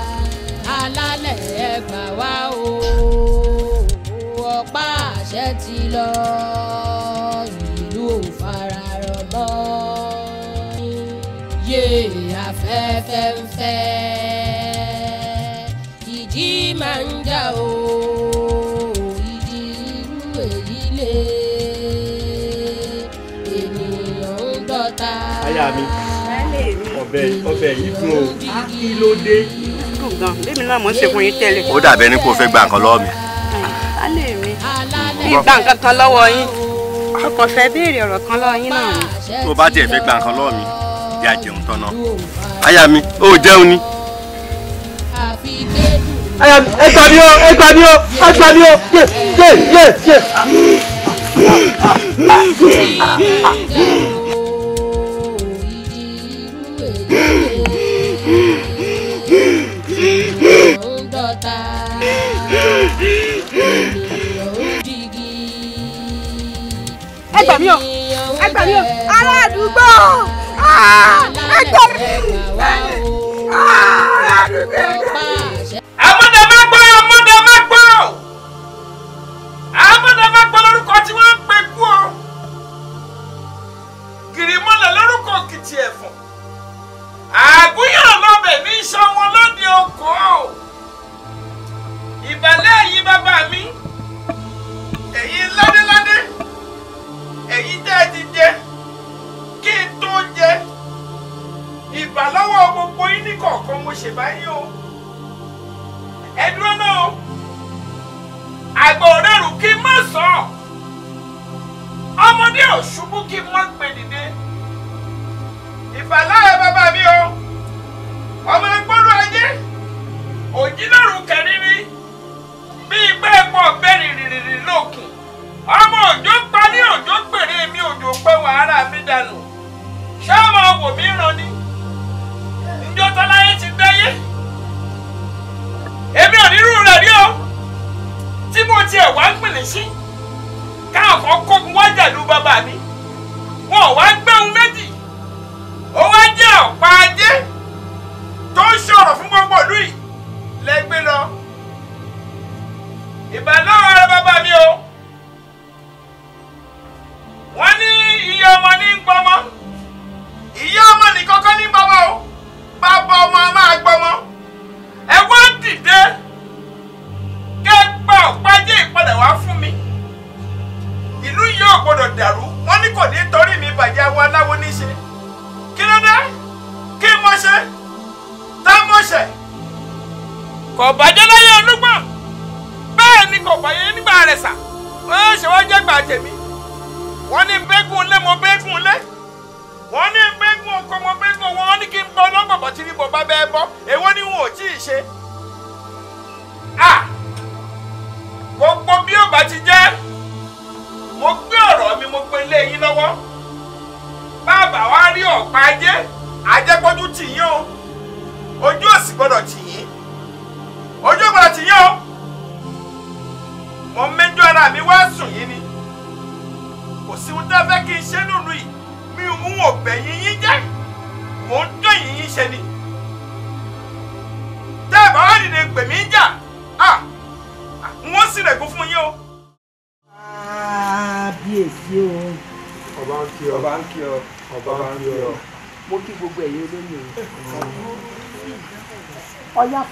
alálẹ̀ ẹgbà wá o ọ̀pá àṣẹ ti lọ ìlú òfararọ̀ mọ́ yé afẹ́fẹ́ ń fẹ́ ìjì máa ń jà o ìjì irú èyí ọbẹ̀ ọbẹ̀ yìí dùn o kí ló dé. dùn gan bẹ́ẹ̀ mi náà mọ̀ ń ṣe fún yín tẹ́lẹ̀. ó dàbẹ̀ ni kò fẹ́ gba nǹkan lọ́wọ́ mi. Hmm, alẹ́ mi bí gba nǹkan kan lọ́wọ́ yín mo kàn fẹ́ béèrè ọ̀rọ̀ kan lọ́wọ́ yín náà ni. tó o bá tiẹ̀ fẹ́ gba nǹkan lọ́wọ́ mi ìyá jẹun tọ́nà. aya mi ó jẹun ni. aya mi ẹ gbà mí o ẹ gbà mí o ẹ gbà mí o yé yé yé yé ẹ gbà mí o ẹ gbà mí o aládùúgbò ah! ẹ gbà mí ah! aládùúgbò. amúnàmágbọ́ amúnàmágbọ́ amúnàmágbọ́ lórúkọ tí wọ́n ń pè kú o gìrìmọ́lẹ̀ lórúkọ kìtì ẹ̀fọ́ àgúyọ̀ lọ́bẹ̀ ní sọ́wọ́n lóde oko ìbàlẹ̀ yìí bàbá mi èyí ládéládé èyí tẹ́ ẹ ti jẹ kí n tó jẹ ìbà lọ́wọ́ gbogbo yín ní kọ̀ọ̀kan mo ṣe báyìí o ẹ dúró náà àgbà òrèrù kí n má sọ ọmọdé ò ṣubú kí n má gbèdìde ìbàlẹ̀ bàbá. lòkùn ọmọ òjò pa ní òjò gbèrè mi òjò pé wàhálà mi dànù ṣé ọmọ wò mí ràn ni njọ́ tọ́láyé ti gbẹ́yé èmi ò nírú rẹ̀ rí o tí mo tiẹ̀ wá ń pèlè sí káàkó kógun wájà lu bàbá mi wọn ò wá ń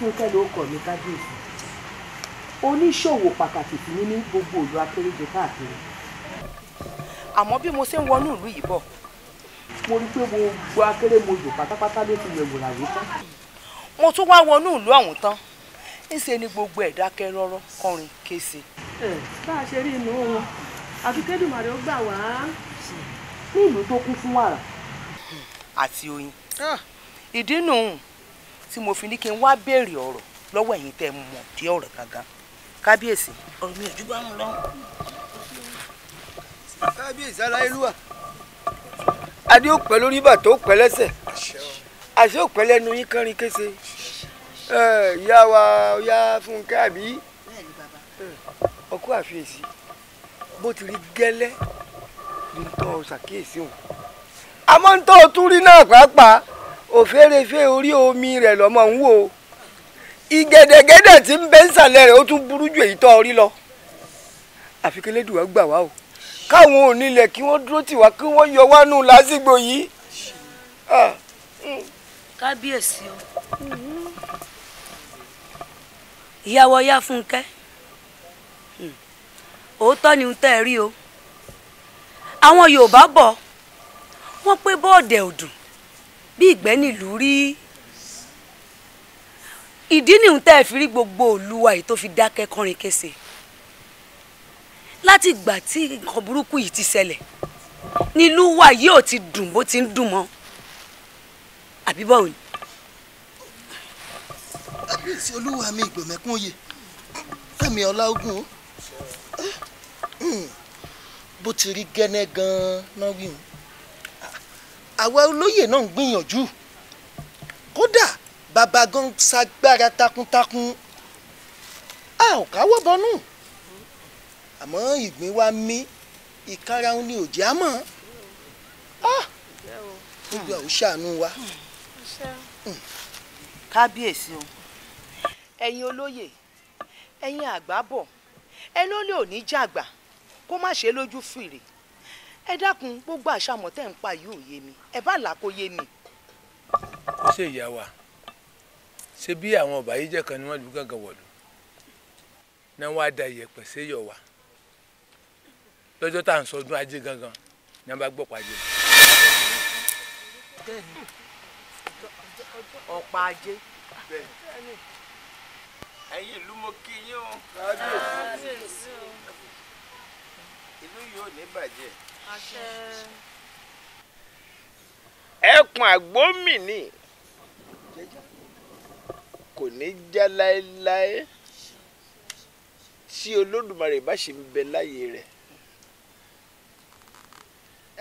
fúnkẹ́ ló kọ̀ ní kábíyèsí oníṣòwò pàtàkì tì ní ní gbogbo ìlú akérèjọ káàkiri. àmọ́ bí mo ṣe ń wọnú ìlú yìí bọ̀. mo rí i pé gbogbo akérèmọdò pátápátá ló ti yẹ̀wò làwé tán. mo tún wá wọnú ìlú ọ̀hún tán ńṣe ni gbogbo ẹ̀ dákẹ́ rọ́rọ́ kọrin kése. ẹ bá a ṣe rí inú wọn àfi kédùmàrè ó gbà wá ní ìlú tó kún fún wàrà. àti oyin ìdí nù tí mo fi ní kí n wá béèrè ọ̀rọ̀ lọ́wọ́ ẹ̀yin tẹ́ mọ̀ dé ọ̀rọ̀ gangan kábíyèsí ọ̀rọ̀ mi ò jù bá ń lọ. kábíyèsí aláyélúwà adé ò pẹ́ lórí bàtà ò pẹ́ lẹ́sẹ̀ àṣẹ ò pẹ́ lẹ́nu yín kánrin kése ìyá wa ọ̀yá fúnkẹ́ àbí ọkọ àfiyèsí bó ti rí gẹ́lẹ́ ló tọ́ ṣàkíyèsí òun àmọ́ ń tọ́ ọ tún rí náà pàápàá òfèrèfé orí omi rẹ̀ lọ́mọ ń wò ó ìgẹ̀dẹ̀gẹ̀dẹ̀ tí ń bẹ ń sàlẹ̀ rẹ̀ ó tún burú ju èyí tó rí lọ àfi kí Elédùà gbà wá o káwọn onílẹ̀ kí wọ́n dúró tì wá kí wọ́n yọ wá nù lásìgbò yìí. Hmm. kábíyèsí o ìyàwó ya fúnkẹ́ hmm. òótọ́ ni ń tẹ́ ẹ rí o àwọn Yorùbá bọ̀ wọ́n pé bọ́ọ̀dẹ̀ ò bí ìgbẹ́ nílùú rí ìdí nìhun tẹ́ ẹ fi rí gbogbo olúwa yìí tó fi dákẹ́ kọrin kése láti ìgbà tí nǹkan burúkú yìí ti ṣẹlẹ̀ nílùú wa yìí ò ti dùn bó ti ń dùn mọ́ àbí báwo ni. àbíyèsí olúwa mi ìgbọ̀mẹ̀kún yìí fẹ́mi ọláògùn hmm. hmm. bó ti rí gẹ́nẹ́ gan-an náà wíwọ̀n àwa olóyè náà ń gbìyànjú kódà bàbá gan ṣagbára takuntakun a ò káwọ́ bọnú àmọ́ ìgbín wa mí ìkarahun ni òjì àmọ́ gbogbo àwọn ṣàánú wa. Hmm. kábíyèsí o ẹ̀yin olóyè ẹ̀yin àgbà bọ̀ ẹ ló lè ò ní jàgbà kó má ṣe lójú fìrè ẹ dákun gbogbo àṣàmọ̀ tẹ́ ń pa yìí ò yé mi ẹ bá là kó yé mi. ó ṣe ìyá wa ṣe bí àwọn ọba yìí jẹ́ kan ni wọ́n lù gángan wọ̀lú náà wọ́n á da ìyẹ̀pẹ̀ séyọ̀ wa lọ́jọ́ tá à ń sọdún ajé gangan ni wọ́n bá gbọ́ pàjẹ́. ọ̀pá ajé. ẹ̀yin ìlú mo kí yín o ìlú yóò ní bàjẹ́ ẹkùn àgbómìnì kò ní já láéláé tí olódùmarè bá ṣe ń bẹ láyé rẹ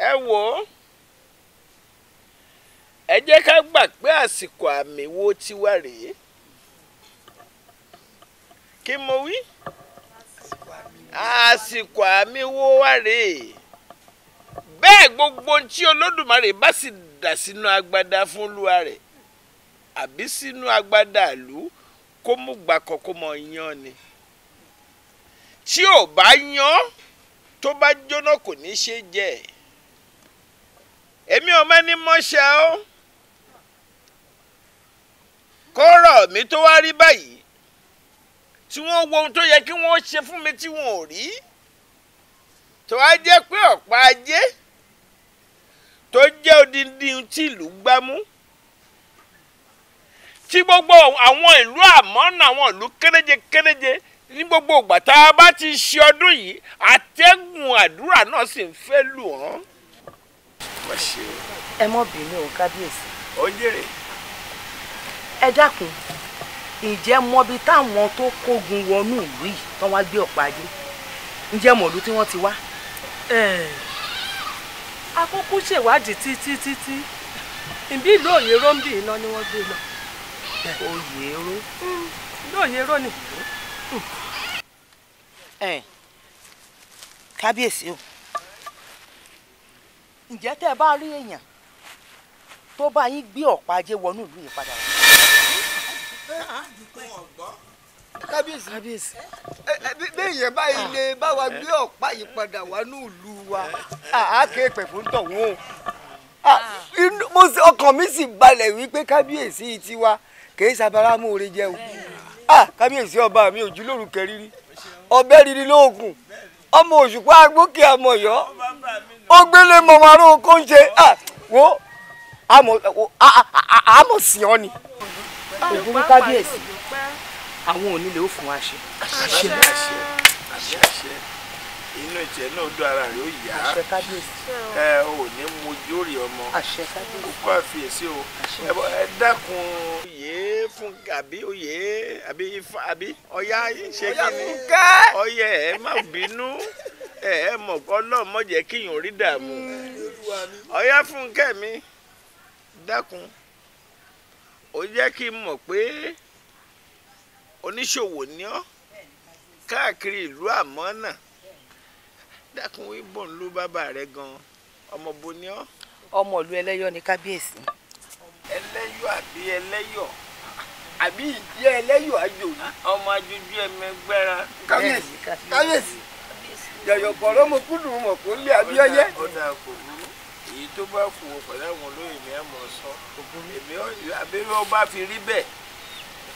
ẹ wò ó ẹ jẹ́ ká gbà pé àsìkò àmì wo ti wá rèé kí mo wí àsìkò àmì wo wá rèé bẹ́ẹ̀ gbogbo tí olódùmarè bá sì dà sínú agbada fún olúwa rẹ̀ àbí sínú agbada ìlú kó mú gbàkọ̀ kó mọ yan ni tí ò bá yan tó bá jóná kò ní ṣe jẹ èmi ọmọ ẹni mọ́ṣẹ́ o kọ́rọ̀ mi tó wá rí báyìí tí wọ́n wo ohun tó yẹ kí wọ́n ṣe fún mi tí wọ́n ò rí tó wá jẹ́ pé ọ̀pá ajé. tó jẹ́ odindi tí ìlú gbámú tí gbogbo àwọn ìlú àmọ́ náà àwọn ìlú kéréje kéréje ní gbogbo ìgbà tá a bá ti ṣe ọdún yìí àtẹ̀gùn àdúrà náà sì ń fẹ́ lù wọ́n. ẹ mọ bínú o kábíyèsí. ó jèrè. ẹ dákun ǹjẹ́ mọbi táwọn tó kógun wọnú ìlú yìí tán wá gbé ọ̀pá ajé ǹjẹ́ mọ̀lú tí wọ́n ti wá. akókó ṣèwádìí títí títí ìbí ìlú òyèrò ń bì iná ni wọ́n gbé lọ. òyèrò. Hmm, ìlú òyèrò ni. Hmm. Eh, kábíyèsí o ǹjẹ́ tẹ́ ẹ bá rí èèyàn tó bá yín gbé ọ̀pá ajé wọnú ìlú yìí padà wá. kábíyèsí kábíyèsí bẹ́ẹ̀yẹn báyìí lè bá wa gbé ọ̀pá yìí padà wá ní ìlú wa àáké pẹ̀fú ń tọ̀hún ọkàn mi sì balẹ̀ wípé kábíyèsí tiwa kì í sabaramu oore jẹ́ o kábíyèsí ọba mi òjúlóru kẹrìírí ọbẹ̀ rírí lóògùn ọmọ òṣùpá agbókè àmọ̀yọ́ ó gbélé mọ̀mọ́ aró kó wo àmọ̀ sí ọ ni. àwọn onílé ó fún wa ṣe. àṣẹ àṣẹ àṣẹ àṣẹ inú ìtẹ náà dún ara rẹ ó yá ẹ ò ní mojú rí ọmọ kókó àfiyèsí o ẹ dákun. oyè fún àbí oyè àbí ifá àbí ọyá ṣe kí ni ọyẹ ẹ má bínú ẹ ẹ mọ̀ ọlọ́mọ jẹ́ kíyàn rí dààmú ọyá fún kẹ́mi dákun ó jẹ́ kí n mọ̀ pé oníṣòwò ni ọ́ káàkiri ìlú àmọ́ náà dákun ibo ń lu bàbá rẹ gan ọmọ bo ni ọ́. ọmọ ìlú ẹlẹ́yọ̀ ni kábíyèsí. ẹlẹ́yọ̀ àbí ẹlẹ́yọ̀ àbí ìdí ẹlẹ́yọ̀ àjò ọmọ ajojú ẹ̀mẹ gbẹ́ra. kábíyèsí kábíyèsí yọ̀yọ̀pọ̀ ọlọ́mọ kúndùn mọ̀ kó lé abíọ́yẹ́. ọ̀dà kò burú èyí tó bá kù pẹ̀lú àwọn olóyè ni ẹ̀ mọ̀ sọ abẹ́rẹ́ ọba fi rí bẹ́ẹ̀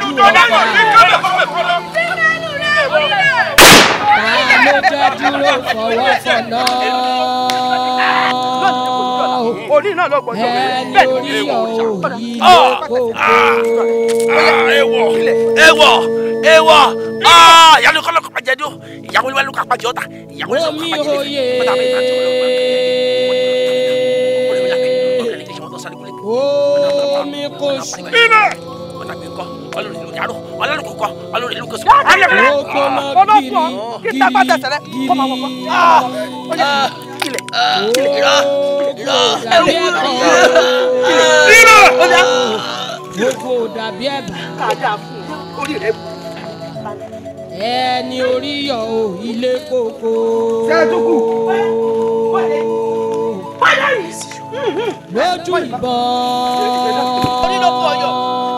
dúró fọwọ́ fọ̀nà. orí náà lọ gbọ́dọ̀ bẹ́ẹ̀ ni orí ọ̀hún yìí ló kókó. ewọ ewọ ewọ ìyanu kọlọ kọ pàjẹ dúró ìyàwó ìwà ló kọ pàjẹ ọta ìyàwó ìwà ló kọ pàjẹ ọta. omi òye omi kò sùn. ilé. ọ̀nà mi kọ́ ọlọ́run ìlú dàrú ọlọ́run kò kọ́ ọlọ́run ìlú kò sùn. ayé mi lẹ. ọlọ́pọ̀ kí tá a bá tẹ̀sẹ̀ rẹ kọ́ máa wọ̀ Ilé! Ilé! Ilé! Ilé! Gbogbo òdàbí ẹ̀bà. Káàdà fún orí rẹ̀ bù ẹni orí yọ o ilé koko. ṣé ẹ tó kù. wọ́n lè wọ́n lè lójú ìbọn. onílọ́kù ọyọ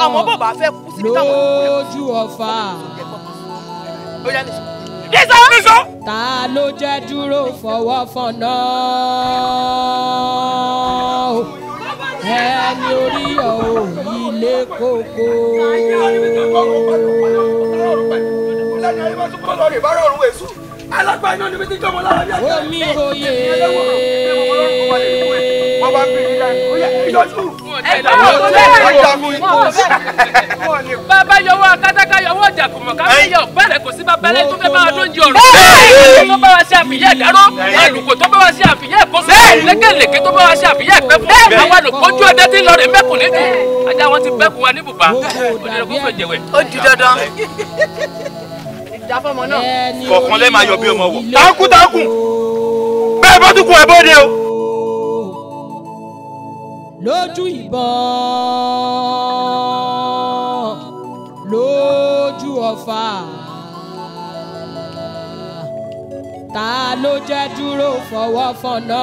àmọ́ bàbá fẹ́ kú síbi táwọn lójú ọ̀fà. ta ló jẹ́ dúró fọwọ́ fọ̀nà ẹni orí ọ̀hún ilé kókó. Ìbára ọ̀run èso alágbá iná níbi tí jọmọ lára bí àjẹ́ omi òye wọ́n bá bí nígbà ìyọjú ẹgbẹ́ ọ̀tọ̀ lẹ́yìn ọjà fún ikú. bàbá yọwọ́ akátáká yọwọ́ jàkùmọ̀ káfíńyà ọ̀bẹ̀rẹ̀ kò sí bàbẹ́lẹ́ tó fẹ́ bá wa lóúnjẹ ọ̀rọ̀. bẹ́ẹ̀ tó bá wa ṣe àfìyẹ́ ìdáró àlùkò tó bá wa ṣe àfìyẹ́ ìkóso lẹ́kẹ̀lẹ́kẹ̀ tó bá wa ṣe àfìyẹ́ ìpẹ́ fún àwa lòkójú ọdẹ tí ń lọ rẹ̀ mẹ́kùn nídìí ajá wọn ti bẹ́kùn wa ní bùbá òjò dá fọmọ náà. kọ̀ọ̀kan lẹ́ẹ̀ máa yọ bí ọmọ wọ̀. táǹkù táǹkù bẹ́ẹ̀ bá tún kù ẹ̀ bóde o. lójú ìbọn lójú ọ̀fà ta ló jẹ́ dúró fọwọ́ fọ̀nà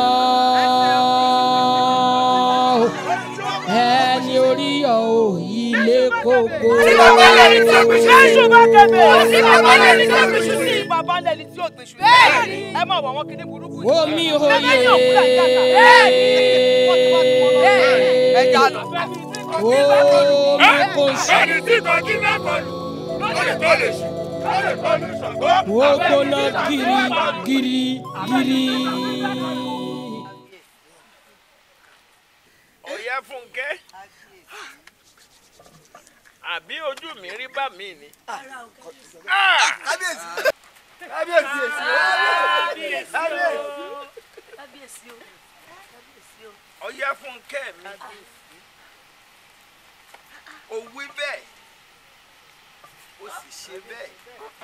ẹni orí ọ̀ òye le koko. Bàbá lẹni tí ó gbèsè sí. Bàbá lẹni tí ó gbèsè sí. Bàbá lẹni tí ó gbèsè sí. Bẹ́ẹ̀ni. Ẹ máa wà wọ́n kíní burúkú. Omi òye. Ẹ jà lọ. Ooo kò sí. Ẹni tí ìbàdí bá kọlù, ó lè tó lè sùn. Wo kona giri giri giri. Ọ̀yẹ́ Fúnkẹ́ àbí ojú mi rí bá mi ni. Ah! kábíyèsí kábíyèsí kábíyèsí kábíyèsí ọyá fúnkẹ́ mi ó wí bẹ́ẹ̀ ó sì ṣe bẹ́ẹ̀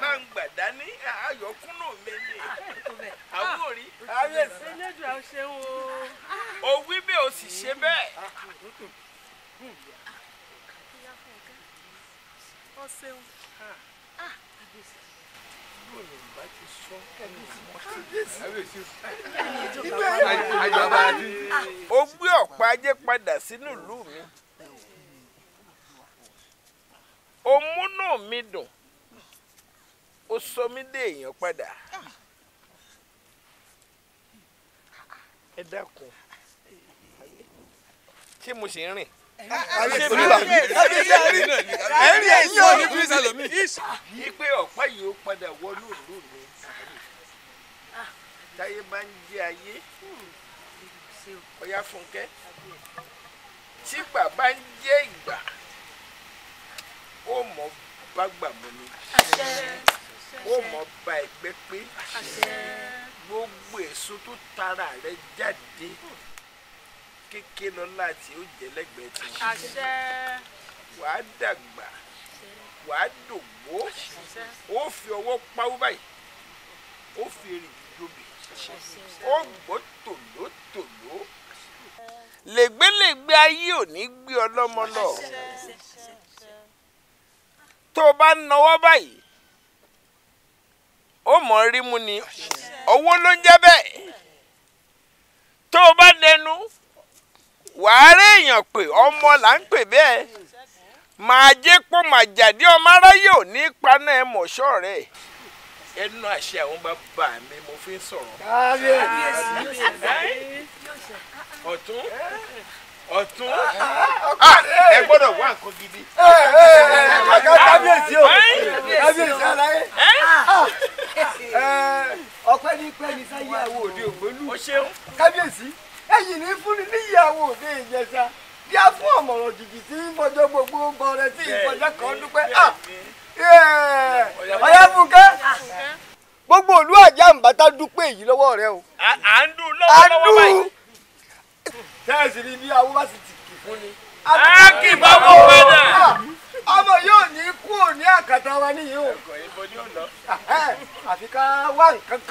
máa ń gbàdá ní ayọ̀kúnnù mi ni àwọn òrí kábíyèsí ó wí bẹ́ẹ̀ ó sì ṣe bẹ́ẹ̀. Um ah, o ṣeun. Ah. ó gbé ọ̀pá ajé padà sínú ìlú mi ó múnú mi dùn ó sọ mí dé èèyàn padà ẹ dákun tí mo sì ń rìn ẹ̀rí ẹ̀yìn òní fi sẹlẹ̀mí. yí pé ọ̀pá yìí ó padà wọnú ìlú mi táyé bá ń jẹ ayé ọ̀yá fúnkẹ́ tí bàbá ń jẹ ìgbà ó mọ̀ bá gbà mọ́ mi ó mọ̀ bá ẹgbẹ́ pé gbogbo èso tó tara rẹ̀ jáde kéke lọ́lá tí ó jẹ́ lẹ́gbẹ̀ẹ́ tí wọ́n ṣe wàá dàgbà wàá dògbó ó fi ọwọ́ pawú báyìí ó fi èrè dòbì ó gbọ́ tòlótòló lègbélègbé ayé ò ní gbé ọlọ́mọ lọ tó o bá nawọ́ báyìí ó mọ̀ rí ni owó ló ń jẹ́ bẹ́ẹ̀ tó bá dẹnu wàá rí èèyàn pé ọmọ là ń pè bẹ́ẹ̀ màá jẹ́ pọ́ màá jáde ọmọ aráyé ò ní paná ẹ mọ̀ṣọ́ rẹ̀ ẹnu àṣẹ àwọn bàbá mi mo fi ń sọ̀rọ̀. ọ̀tún ọ̀tún ah, ah, ah, ẹ gbọ́dọ̀ wá nǹkan gidi. Eh, eh, eh, kábíyèsí o kábíyèsí aláyé ọpẹ́ ní pẹ́ ní sáyé àwọn òde ògbólú kábíyèsí ẹ̀yìn ní fúnni níyàwó òde ìjẹta bí a fún ọ̀mọ̀ràn jìjì tí ah, eh, ń gbogbo gbọ́rẹ́ tí ìfọjọ́ kan dúpẹ́ ọ̀yá fúnkẹ́ gbogbo òlú àjà àǹbátá dúpẹ́ èyí lọ́wọ́ rẹ o. à ń dùn lọ́wọ́lọ́wọ́ báyìí. tẹ́ẹ̀sì ni bí awúrásì ti kì fún ni. a kì bá wọ́n padà. Ah, ọmọ yóò ní kú ò ní àkàtà wa níyì o. àfi ká wá nǹkan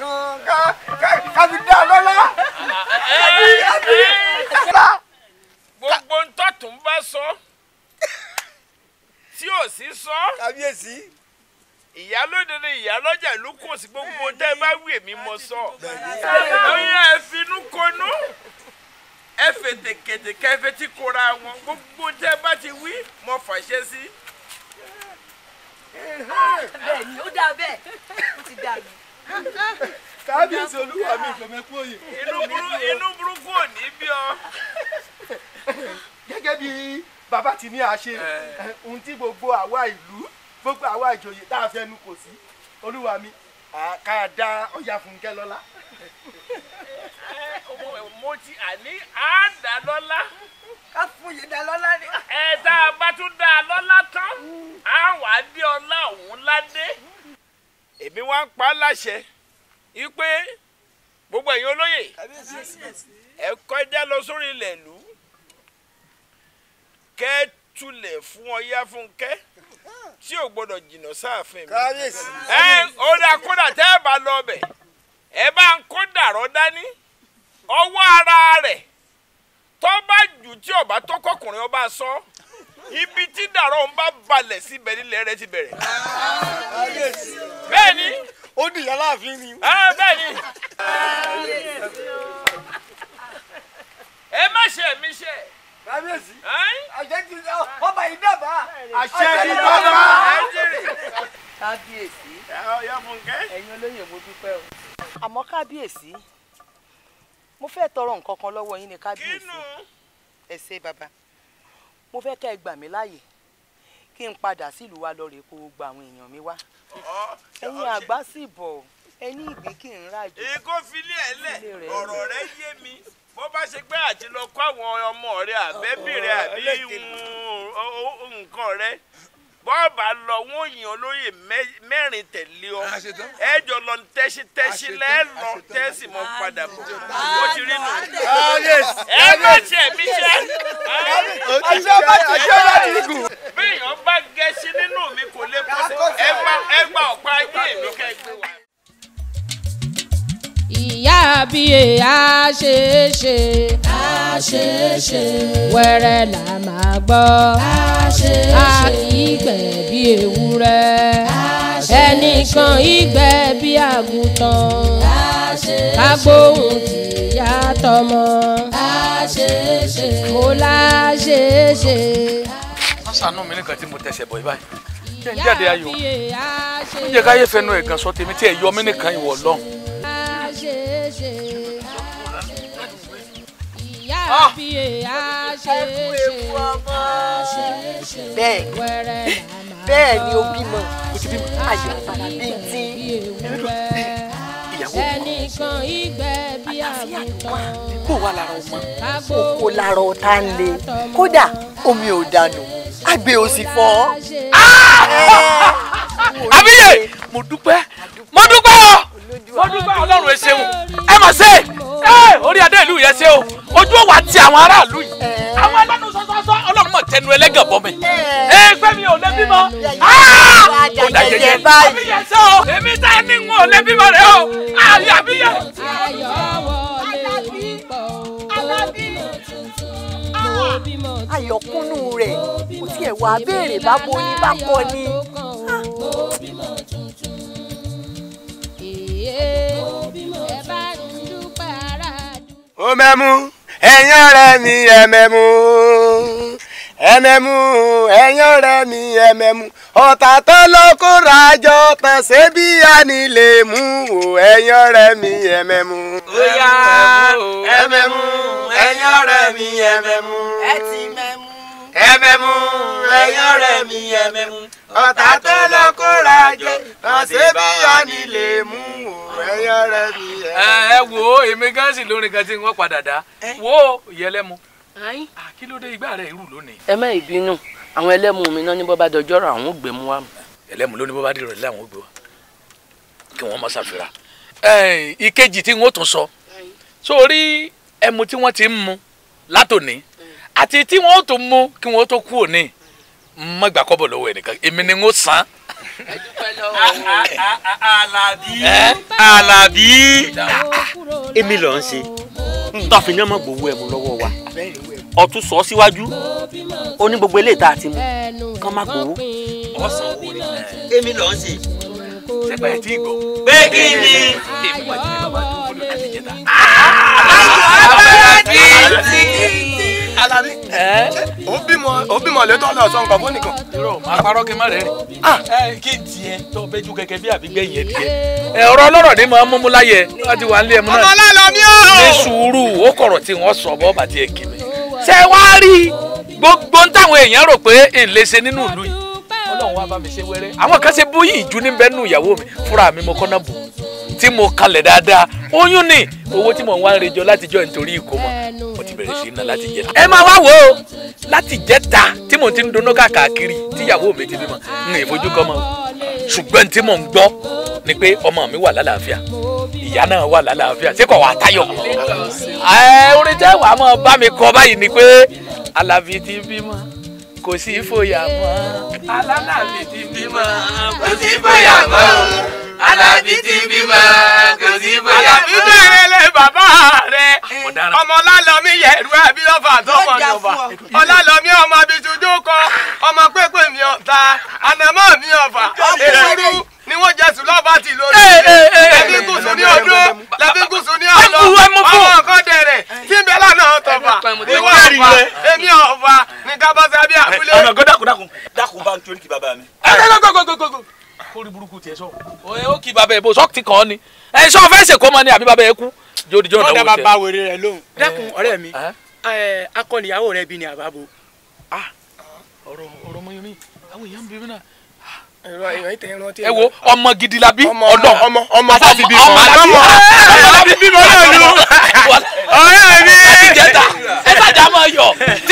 kan ká fi dá lọ́lá. gbogbo ń tọ́tún bá sọ tí ò sí sọ. kábíyèsí. ìyálóde ni ìyálọ́jà ìlú kò sí gbogbo tẹ́ ẹ bá wí èmi mọ sọ. ọyàn ẹ finú konú ẹ fètèkètèkè ẹ fetí kóra wọn gbogbo tẹ́ ẹ bá ti wí mo fàṣẹ sí bẹ́ẹ̀ ni ó dáa bẹ́ẹ̀ ó ti dáa mi. kábíyèsí olúwa mi ìfọ̀mẹ́kú òye. inú burúkú ò ní bí ọ. gẹ́gẹ́ bí bàbá ti ní àṣẹ ohun tí gbogbo àwa ìlú gbogbo àwa ìjòyè tá a fẹnu kò sí olúwa mi ká dá ọjà fúnkẹ́ lọ́lá. mo ti àní àádá lọ́lá ká fún yìí dá lọ́lá ni. ẹ tá a bá tún dá a lọ́lá tán á wà á dé ọlá òun ládé èmi wá ń pa á láṣẹ wípé gbogbo ẹ̀yin olóyè ẹ kọjá lọ sórí ilẹ̀ ìlú kẹ́ ẹ tulẹ̀ fún ọyá fúnkẹ́ tí ò gbọdọ̀ jìnnà sáàfin mi. ẹ ó dáa kódà tẹ́ ẹ bá lọ bẹ̀ ẹ bá ń kó dàrọ́ dání ọwọ́ ara rẹ̀ tọ́ba jù tí ọba tó kọkùnrin ọba sọ ibi tí dàrọ́ ń bá balẹ̀ síbẹ̀ nílẹ̀ rẹ ti bẹ̀rẹ̀. bẹ́ẹ̀ ni. ó di ìyá láàfin ni. bẹ́ẹ̀ ni. ẹ má ṣe mí ṣe. kábíyèsí. àṣẹ ti ọba yìí dábàá. àṣẹ ti dábàá. kábíyèsí. ẹ̀yin olóyè mo dúpẹ́ o. àmọ́ kábíyèsí mo fẹ́ tọrọ nǹkan kan lọ́wọ́ yín ní kábíyèsí ẹ ṣé bàbá mo fẹ́ kẹ́ ẹ gbà mí láàyè kí n padà sílùú wa lọ rèé kó o gba àwọn èèyàn mi wá ẹ̀yin àgbà sì bọ̀ ẹni ìgbín kì í rájò. èkó filé ẹ lẹ ọ̀rọ̀ rẹ yé mi bó bá ṣe pé àti lọ kó àwọn ọmọ rẹ àbẹ́bí rẹ àbí nǹkan rẹ bọ́ọ̀bà lọ wọ́n yàn olóyè mẹ́rin tẹ̀lé ọ ẹ jọ lọ tẹ́sí tẹ́sí lẹ́lọ tẹ́sí mọ́ padà bọ̀ ó ti rí nù. Ah, ẹ má ṣe mí ṣe. ọjọ́ bá ti ọjọ́ bí èèyàn bá gẹṣin nínú mi kò lè pọ̀ ẹ gba ọ̀pá ayé mi kẹ́ ẹ gbé wa ìyá àbíyè àṣeéṣe. àṣeéṣe. wẹ́rẹ́ là máa gbọ́. àṣeéṣe. a kì í gbẹ̀ bí ewúrẹ́. àṣeéṣe. ẹnìkan ìgbẹ́ bí àgùntàn. àṣeéṣe. ká gbóhùn tìyá tọmọ. àṣeéṣe. kó láṣeéṣe. wọ́n mi nìkan tí mo tẹ̀sẹ̀ bọ̀ báyìí jẹ́ ń jáde ayọ̀ ó e, jẹ́ káyé fẹnu ẹ̀gàn tèmi tí ẹ̀ yọ mí nìkan ìwọ̀ lọ́hùn ṣe ṣe ìyá àbí èyá ṣe ṣe bẹ́ẹ̀ bẹ́ẹ̀ ni o bímọ o ti bímọ àyè ọ̀tàlá bíi ti ìyàwó ẹnìkan ìgbẹ́ bí àbùtàn kò wà lára ọmọ kò lára ọ̀tá ń le kódà omi ò dànù àgbẹ̀ òsì fọ́. Ah! àbíyè mo dúpẹ́ mo dúpẹ́ o mo dúpẹ́ ọlọ́run ẹ ṣeun ẹ mà ṣe ẹ orí adé ìlú yẹn ṣe o ojú ò wá ti àwọn aráàlú yìí àwọn ẹlẹ́nu sọ́sọ́sọ́ ọlọ́run mọ̀ tẹnu ẹlẹ́gàn bọ́ mi ẹ pé mi ò lè bímọ ah! ó dà jẹjẹ àbíyè ṣe o èmi tá ẹni ń wọ lè bímọ rẹ o àbíyè. àyọkúnnú rẹ̀ kò tiẹ̀ wá béèrè bá boyin bá kọ ni. ó mẹ́mú ẹ̀yán ọ̀rẹ́ mi ẹ̀mẹ́mú ẹ̀mẹ́mú ẹ̀yán ọ̀rẹ́ mi ẹ̀mẹ́mú ọ̀tà tó ló kóra jọ tàn ṣé bí a ní lè mú o ẹ̀yin ọ̀rẹ́ mi ẹ̀mẹ̀mú. bóyá ẹ̀mẹ̀mú ẹ̀yin ọ̀rẹ́ mi ẹ̀mẹ̀mú. ẹ ti mẹ̀mú. ẹ̀mẹ̀mú ẹ̀yin ọ̀rẹ́ mi ẹ̀mẹ̀mú. ọ̀tà tó ló kóra jọ tàn ṣé bí a ní lè mú o ẹ̀yin ọ̀rẹ́ mi ẹ̀mẹ̀mú. ẹ wo èmi gan sì lórin kan tí wọn padà dá wo ìyẹlẹmu kí ló dé ìgbà rẹ irú lónìí. ẹ má ìbínú àwọn ẹlẹ́mu mi náà ní bọ́ bá dọjọ́ rà àwọn ò mu wá. ẹlẹ́mu ló ní bọ́ bá dìrọ̀ ilé àwọn wa kí wọ́n má ṣàfihàn. ìkejì tí wọ́n tún sọ sórí ẹmu tí wọ́n ti ń mu látòní àti tí wọ́n tún mu kí wọ́n tó kú òní mọ gbà kọ́bọ̀ lọ́wọ́ ẹnìkan èmi ni n san. Àlàbí èmi ló ń ṣe tọ́fin náà mọ̀ gbowó ẹ̀mú lọ́wọ́ wa ọtún sọ síwájú ó ní gbogbo eléyìí tá a ti mú kán má gbowó. ọ̀sán owó ni èmi lọ ń ṣe ṣẹgbẹ́ ẹ̀ tí ì gbọ́. pé kí ni. èmi wà jẹ́ bàbá tó kúlò láti jẹta. àbájáde ti ti. Alani ó bímọ ó bímọ létọ́ lọ sọ nǹkan fún nìkan. irọ́ máa parọ́ kí n má rẹ̀ rìn. Ah! kí n tiẹ̀ tó o bẹ́jú kẹ̀kẹ́ bí àbígbẹ̀yìn ẹ̀ tiẹ̀. ọ̀rọ̀ ọlọ́rọ̀ ni màá múmú láyẹ̀ láti wà ń lé ẹ̀mú náà. ọmọ ọlọ́lọ́ mi ò. ní sùúrù ó kọ̀rọ̀ tí wọ́n sọ ṣé wàá rí gbogbo ń táwọn èèyàn rò pé n lè ṣe nínú ìlú yìí ọlọ́run wá bá mi ṣe wẹ́rẹ́ àwọn kan ṣe bóyí ìjú níbẹ̀ nù ìyàwó mi fúnra mi mo kọ́nà bù tí mo kalẹ̀ dáadáa oyún ni owó tí mo ń wá ń rejọ látijọ́ nítorí ìkómọ mo ti bẹ̀rẹ̀ sí iná láti jẹ. ẹ máa wá wò ó láti jẹta tí mo ti ń dunnú káàkiri tí ìyàwó mi ti bímọ ń ìfojú kọ́ ṣùgbọ́n tí mo ń gbọ́ ni pé ọmọ mi wà lálàáfíà ìyá náà wà lálàáfíà ṣé kò wá táyọ̀. ẹ orin tẹ́ wàá mọ̀ bá mi kọ báyìí ni pé alábi ti bímọ kò sí fòyà mọ́. alábi ti bímọ kò sí fòyà mọ́. alábi ti bímọ kò sí fòyà mọ́. alábi bẹ̀rẹ̀ lẹ bàbá rẹ̀ ọmọ ọlálọ́mí yẹ̀rú àbíọ́fà tọmọ yọ̀bà ọlálọ́mí ọmọ abitúndó kọ ọmọ pépè mi ọ̀tá ànàmọ́ mi ọ̀fà èkúrú ni wọ́n jẹ sùn lọ́ba ti lórí. kábọ̀ sí abẹ́ àbúlé. ọ̀nà gọ́ dákun dákun dákun bá ń torí kí bàbá mi. ẹ ẹ gọgọgọgọgọ kórì burúkú tiẹ̀ sọ. oye ó kí bàbá ẹ bó sọ́ọ̀tì kan ni ẹ sọ fẹ́ ṣèkó mọ ni àbí bàbá ẹ kú jòdì jòdì ọ̀dọ̀ wò ṣe. ọ̀dà bàbá wèrè rẹ lóhùn. dákun ọ̀rẹ́ mi akọ̀nìyàwó rẹ bí ni àbábo. Ah. ọ̀rọ̀ ọ̀rọ̀ mọ̀ yẹn mi àwọn èèyàn ń bẹ mí náà ẹ wo ọmọ gidi la bí ọdọ ọmọ ọmọ láti bí ọmọ ọmọ láti bí ọmọ náà lu ọ̀rẹ́ mi ẹ bàjẹ́ máa yọ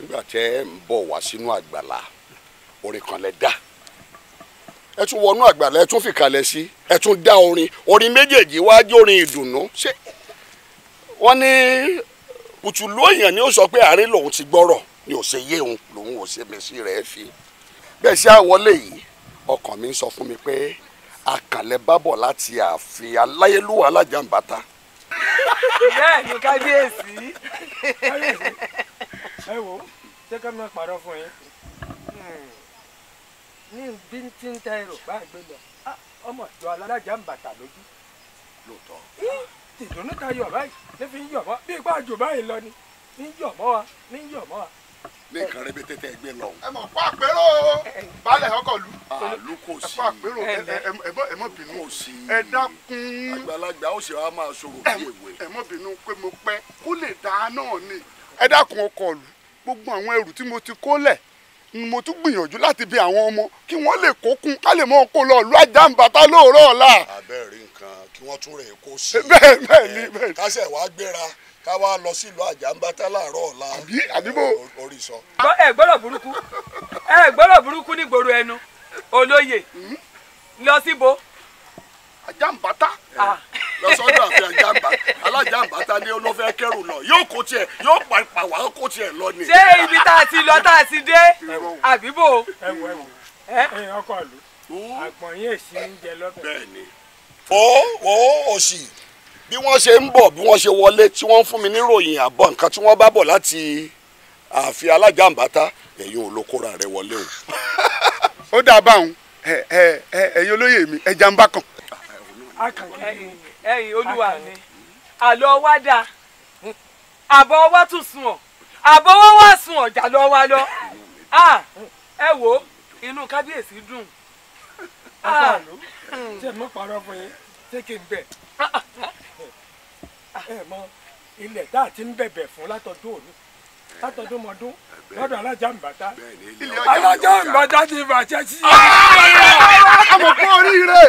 nígbà tẹ́ ẹ ń bọ̀ wá sínú àgbàlá orin kan lẹ dá ẹ tún wọnú àgbàlá ẹ tún fìkàlẹ̀ sí ẹ tún dá orin orin méjèèjì wá jẹ́ orin ìdùnnú ṣé wọ́n ní kùtùlù èèyàn ni ó sọ pé àárín lòun ti gbọ́rọ̀ ni ò ṣe yé òun lòun ò ṣe mẹ́sì rẹ̀ fi bẹ́ẹ̀ ṣe àwọlé yìí ọkàn mi ń sọ fún mi pé akànlẹ̀ bábọ̀ láti ààfin aláyélúwà alájàmbáta. bẹ́ẹ̀ ni kábíyèsí ẹ wò ó ṣé ká máa pàrọ̀ fún yín hmm. ní bí n ti ń tẹ ẹrù bá gbé lọ ọmọ ìjọ alájà ń bàtà lójú. lóòótọ́. tìdùnnú ta yọ̀ báyìí ní fi ń yọ̀ mọ́ bí ipá àjò báyìí lọ ni ní yọ̀ mọ́ wa ní yọ̀ mọ́ wa ní nǹkan rẹ bí tètè gbé lọ. ẹ mọ̀ fún àpérò balẹ̀ ọkọ̀ lu. àlù ah, kò sí. ẹ fún àpérò ẹ mọ̀ bínú. ẹ dákun. àgbàlagbà ó sì wá máa sọ̀rọ̀ bí èwe. ẹ mọ̀ bínú pé mo pẹ́ kó lè dáa náà ni. ẹ dákun ọkọ̀ lu gbogbo àwọn ẹrù tí mo ti kó lẹ̀ ni mo tún gbìyànjú láti bi àwọn ọmọ kí wọ́n lè kókun ká lè mọ kó lọ lu ajáǹbátá lóòrọ̀ ọ̀la. abẹ́rẹ́ nǹkan kí wọ́n tún rẹ̀ kó sí. bẹ́ẹ̀ bẹ́ẹ̀ ni bẹ́ẹ̀ ni. kásẹ̀ wá gbéra ká wá lọ sílùú ajáǹbátá láàárọ̀ ọ̀la. àbí àdúgbò. orí sọ. ẹ gbọ́dọ̀ burúkú ẹ gbọ́dọ̀ burúkú nígboro ẹnu olóye mm-hmm. lọ síbo ajambata ah. eh, lọsọdọ àfi ajamba alajambata ni olófẹ kẹrù lọ yóò kó tiẹ yóò pa wà kó tiẹ lọ ni. ṣé ibi tá a ti lọ tá a ti dé àbíbò. ẹ wọ ẹ wọ ọkọ lu àgbọn yẹn sì ń jẹ lọbẹ. bẹ́ẹ̀ni ó ó òsì bí wọ́n ṣe ń bọ̀ bí wọ́n ṣe wọlé tí wọ́n ń fún mi níròyìn àbọ̀ nǹkan tí wọ́n bá bọ̀ láti àfi alájàmbátá ẹ̀yin ò lo kóra rẹ wọlé o. ó dáa báwọn ẹ̀yin olóyè mi ẹja ń bá kàn ẹ̀yin olúwa mi àlọ́ wa dáa àbọ̀ wa tún sùn ọ̀ àbọ̀ wa wá sùn ọ̀jà lọ wa lọ ẹ wo inú kábíyèsí dùn. ọkọ àlọ ṣe mọ parọ́ fún yín ṣé kí n bẹ ah, ah, ah. ẹ mọ ilẹ̀ tá a ti ń bẹ̀bẹ̀ fún látọdún òní látọdúnmọdún lọ́dọ̀ alájà ńbàdá alájà ńbàdá ti bàjẹ́ sí i. Ah! àmọ̀ fún oríire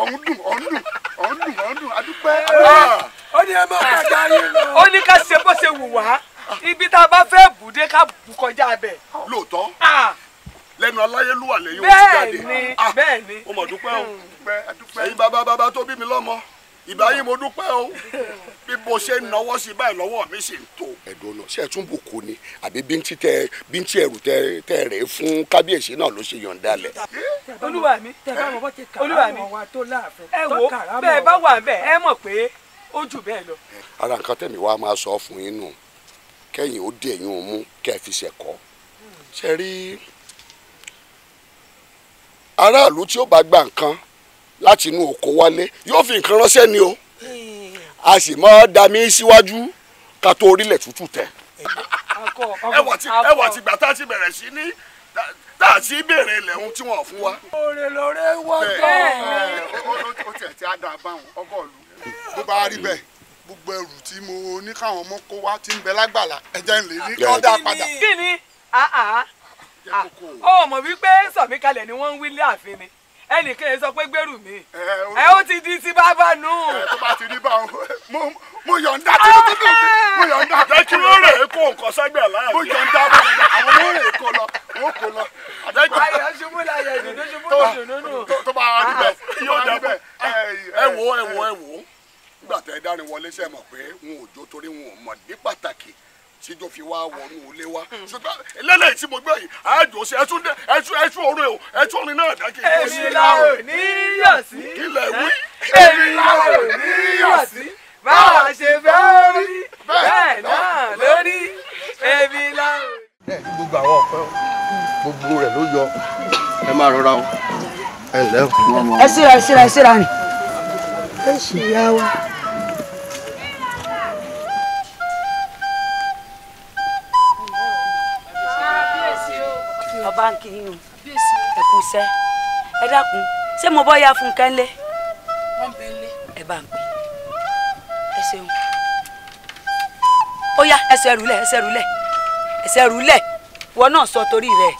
ọ̀hún dùn ọ̀hún dùn ọ̀hún dùn ọ̀hún dùn adúpẹ́. ó ní ẹ má kọjá yín lọ. ó ní ká ṣe bó ṣe wù wá ibi tá a bá fẹ́ bùdé ká bù kọjá bẹ̀. lóòótọ́ ah! lẹ́nu aláyélúwà lẹ́yìn oṣù jáde bẹ́ẹ̀ ni ah! bẹ́ẹ̀ ni ó mọ̀ dúpẹ́ o hmm. ẹ̀yin bàbá bàbá tó bí mi lọ́mọ ìbáyé mo dúpẹ́ o bí mo ṣe ń náwó sí báyìí lọ́wọ́ mi sì ń tó. ẹ̀dùn ọ̀nà ṣe é tún bò kó ni àbí bíntì tẹ bíntì ẹ̀rù tẹ tẹ rẹ̀ fún kábíyèsí náà ló ṣe yọ̀ǹda lẹ̀. olúwa mi olúwa mi ẹ wo bẹ́ẹ̀ bá wà bẹ́ẹ̀ ẹ mọ̀ pé ó jù bẹ́ẹ̀ lọ. ara nǹkan tẹ̀mí wa máa sọ fún yín nù kẹ́yìn ó dé ẹ̀yìn òmu kẹ́ ẹ fi ṣẹ̀kọ́ ṣe rí aráàlú tí ó bá gba nǹkan láti inú oko wálé yóò fi nǹkan ránṣẹ́ ni o a sì máa da síwájú ká tó orílẹ̀ tútù tẹ̀. ẹwà ti gbà tá a ti bẹ̀rẹ̀ sí ní tá a ti béèrè ilẹ̀ tí wọ́n fún wa. òrè lóore wọ́n bẹ́ẹ̀ ni. ó tiẹ̀ ti á da báwọn ọgọ́ ìlú bó bá rí bẹ́ẹ̀ gbogbo ẹrù tí mo ní káwọn ọmọ kó wá ti ń bẹ lágbàlá ẹ̀jẹ̀ ń lè ní kí wọ́n dá padà. kí ni ah, ah, ah. ó wípé sọ̀mí ni wọ́n ń wí lé àfin ni ẹnìkan yẹn sọ pé gbèrú mi ẹ ó ti di ti bàbá nù. ẹ tó bá ti rí báwọn mo mo yọ̀ǹda tìlútìlú mi mo yọ̀ǹda. jẹ́ kí wọ́n rè é kó nǹkan sẹ́gbẹ̀ láàyè. mo yọ̀ǹda àwọn mo rè é kó lọ wọ́n kó lọ. ayọ̀ ṣubú la yẹ ìdùnnú ṣubú ìdùnnú nù. tó bá wà níbẹ̀ yóò dẹ́bẹ̀ ẹ wò ẹ wò ẹ wò nígbà tẹ ẹ dárin wọlé sẹ́mọ̀ pé wọn ò jó torí wọn ò mọ̀ ní pàtàkì tíjọ fi wá wọnú ilé wa ṣùgbọ́n lẹ́lẹ̀ tí mo gbé yìí àjò ṣe ẹtún ẹtún ẹtún orin o ẹtún orin náà dákì. èmi la ò ní yọ̀ sí. kílẹ̀ wí. èmi la ò ní yọ̀ sí. bá a ṣe fẹ́ rí bẹ́ẹ̀ náà lórí èmi la ò. gbogbo àwọn ọ̀pẹ gbogbo rẹ̀ ló yọ ẹ máa rọra o ẹ lẹ́kùn. ẹ síra ẹ síra ẹ síra ni. ẹ ṣì yá wa. yín o ẹ kú iṣẹ́ ẹ dákun ṣé mo bọ́ ya Fúnkẹ́ ńlẹ̀ ẹ bá ń pè ẹ ṣeun ó yá ẹsẹ̀ rúlẹ̀ ẹsẹ̀ rúlẹ̀ ẹsẹ̀ rúlẹ̀ wọn náà sọ torí rẹ̀.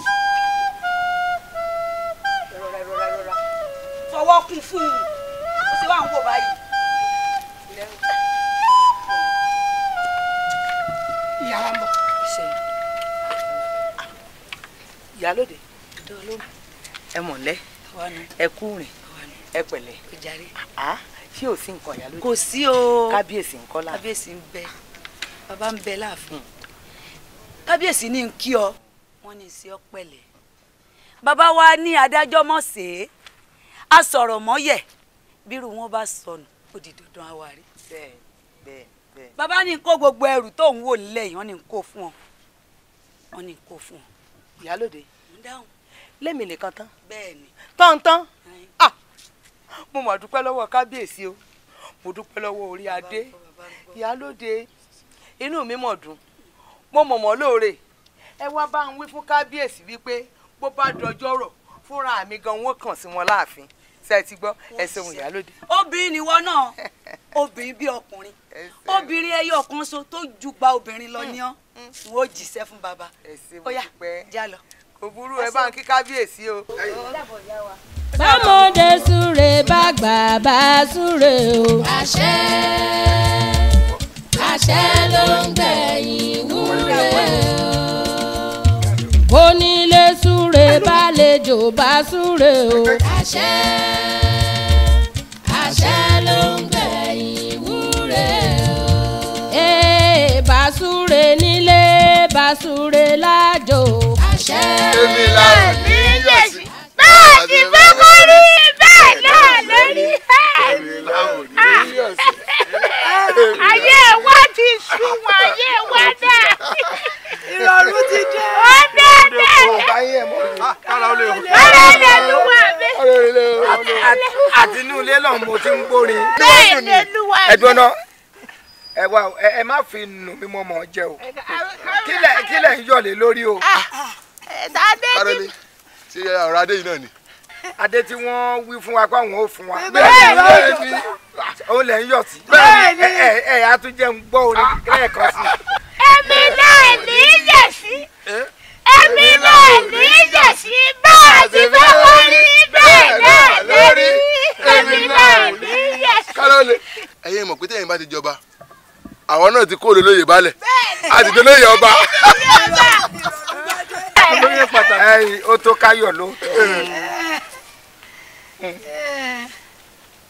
jàre. Ah, ṣé ò sí nǹkan ìyá lóde. kò sí o kábíyèsí ńkọ́ láàfin. kábíyèsí ń bẹ bàbá ń bẹ láàfin hmm. kábíyèsí ní kí ọ wọn ní sí ọ pẹ̀lẹ́ bàbá wa ní adájọ́ mọ̀ sí i a sọ̀rọ̀ mọ́yẹ̀ bírú wọn bá sọnù ó di dandan àwárí. bẹ́ẹ̀ bẹ́ẹ̀ bẹ́ẹ̀. bàbá ní kó gbogbo ẹrù tó ń wò nílẹ̀ yìí wọ́n ní kó fún ọ wọ́n ní kó fún ọ. ìyálòde. mo dáhùn. lémi nìkan tán. bẹ́ẹ̀ tán tán mo mà dúpẹ́ lọ́wọ́ kábíyèsí o mo dúpẹ́ lọ́wọ́ orí adé ìyálóde inú mi mọ̀ dùn mo mọ̀ mọ́ lóore ẹ wá bá ń wí fún kábíyèsí wípé bó bá dọjọ́ rọ̀ fúnra mi gan wọn kàn sí wọn láàfin ṣe ti gbọ́ ẹsẹ̀ òun ìyálóde. obìnrin ni wọn náà obìnrin bí ọkùnrin obìnrin ẹyọ ọkàn so tó ju gba obìnrin lọ ní ọ hmm. n ó jíṣẹ́ fún baba ó yá já lọ. kò burú ẹ bá ń kí kábíyèsí o. ó dàbọ̀ yá wa bọ́mọdé súre bàgbà bá súre o. àṣẹ àṣẹ ló ń gbẹ̀yìn wúre o. onílé súre bálejò bá súre o. àṣẹ àṣẹ ló ń gbẹ̀yìn wúre o. ee bá súre nílé bá súre lájò. àṣẹ èmi làwọn ní yẹ̀sí bẹ́ẹ̀ ni bá kó rí bẹ́ẹ̀ náà lórí ayé wa ti sú wọn ayé wa náà ìrọ̀rùn ti dé ó dé dé ara lè lu wa mi àti inú ilé lọ́hùn mo ti ń gbórin bẹ́ẹ̀ lè lu wa mi ẹ̀dùn náà ẹ wá ẹ má fi nù mí mọ́ mọ́ jẹ o kílẹ̀ kílẹ̀ ń yọ̀lé lórí o. sàdéjì. tí ọ̀rọ̀ adé yìí náà ni adé tí wọ́n wí fún wa kó àwọn ò fún wa. bẹ́ẹ̀ ni ó lẹ̀ ń yọ̀ sí. bẹ́ẹ̀ ni ẹ ẹ a tún jẹun gbọ́ orin lẹ́ẹ̀kan sí. èmi náà ní í yẹ̀ sí èmi náà ní í yẹ̀ sí bá a ti fẹ́ wọ́n rí bẹ́ẹ̀ náà lórí èmi náà ní í yẹ̀ sí. kálọ́lẹ̀ ẹ̀yin mọ̀ pé tẹ̀yìn bá ti jọba àwọn náà ti kó olólóyè balẹ̀ àti dolóyè ọba olóyè pàtàkì. ó tó káyọ̀ ló. Eh.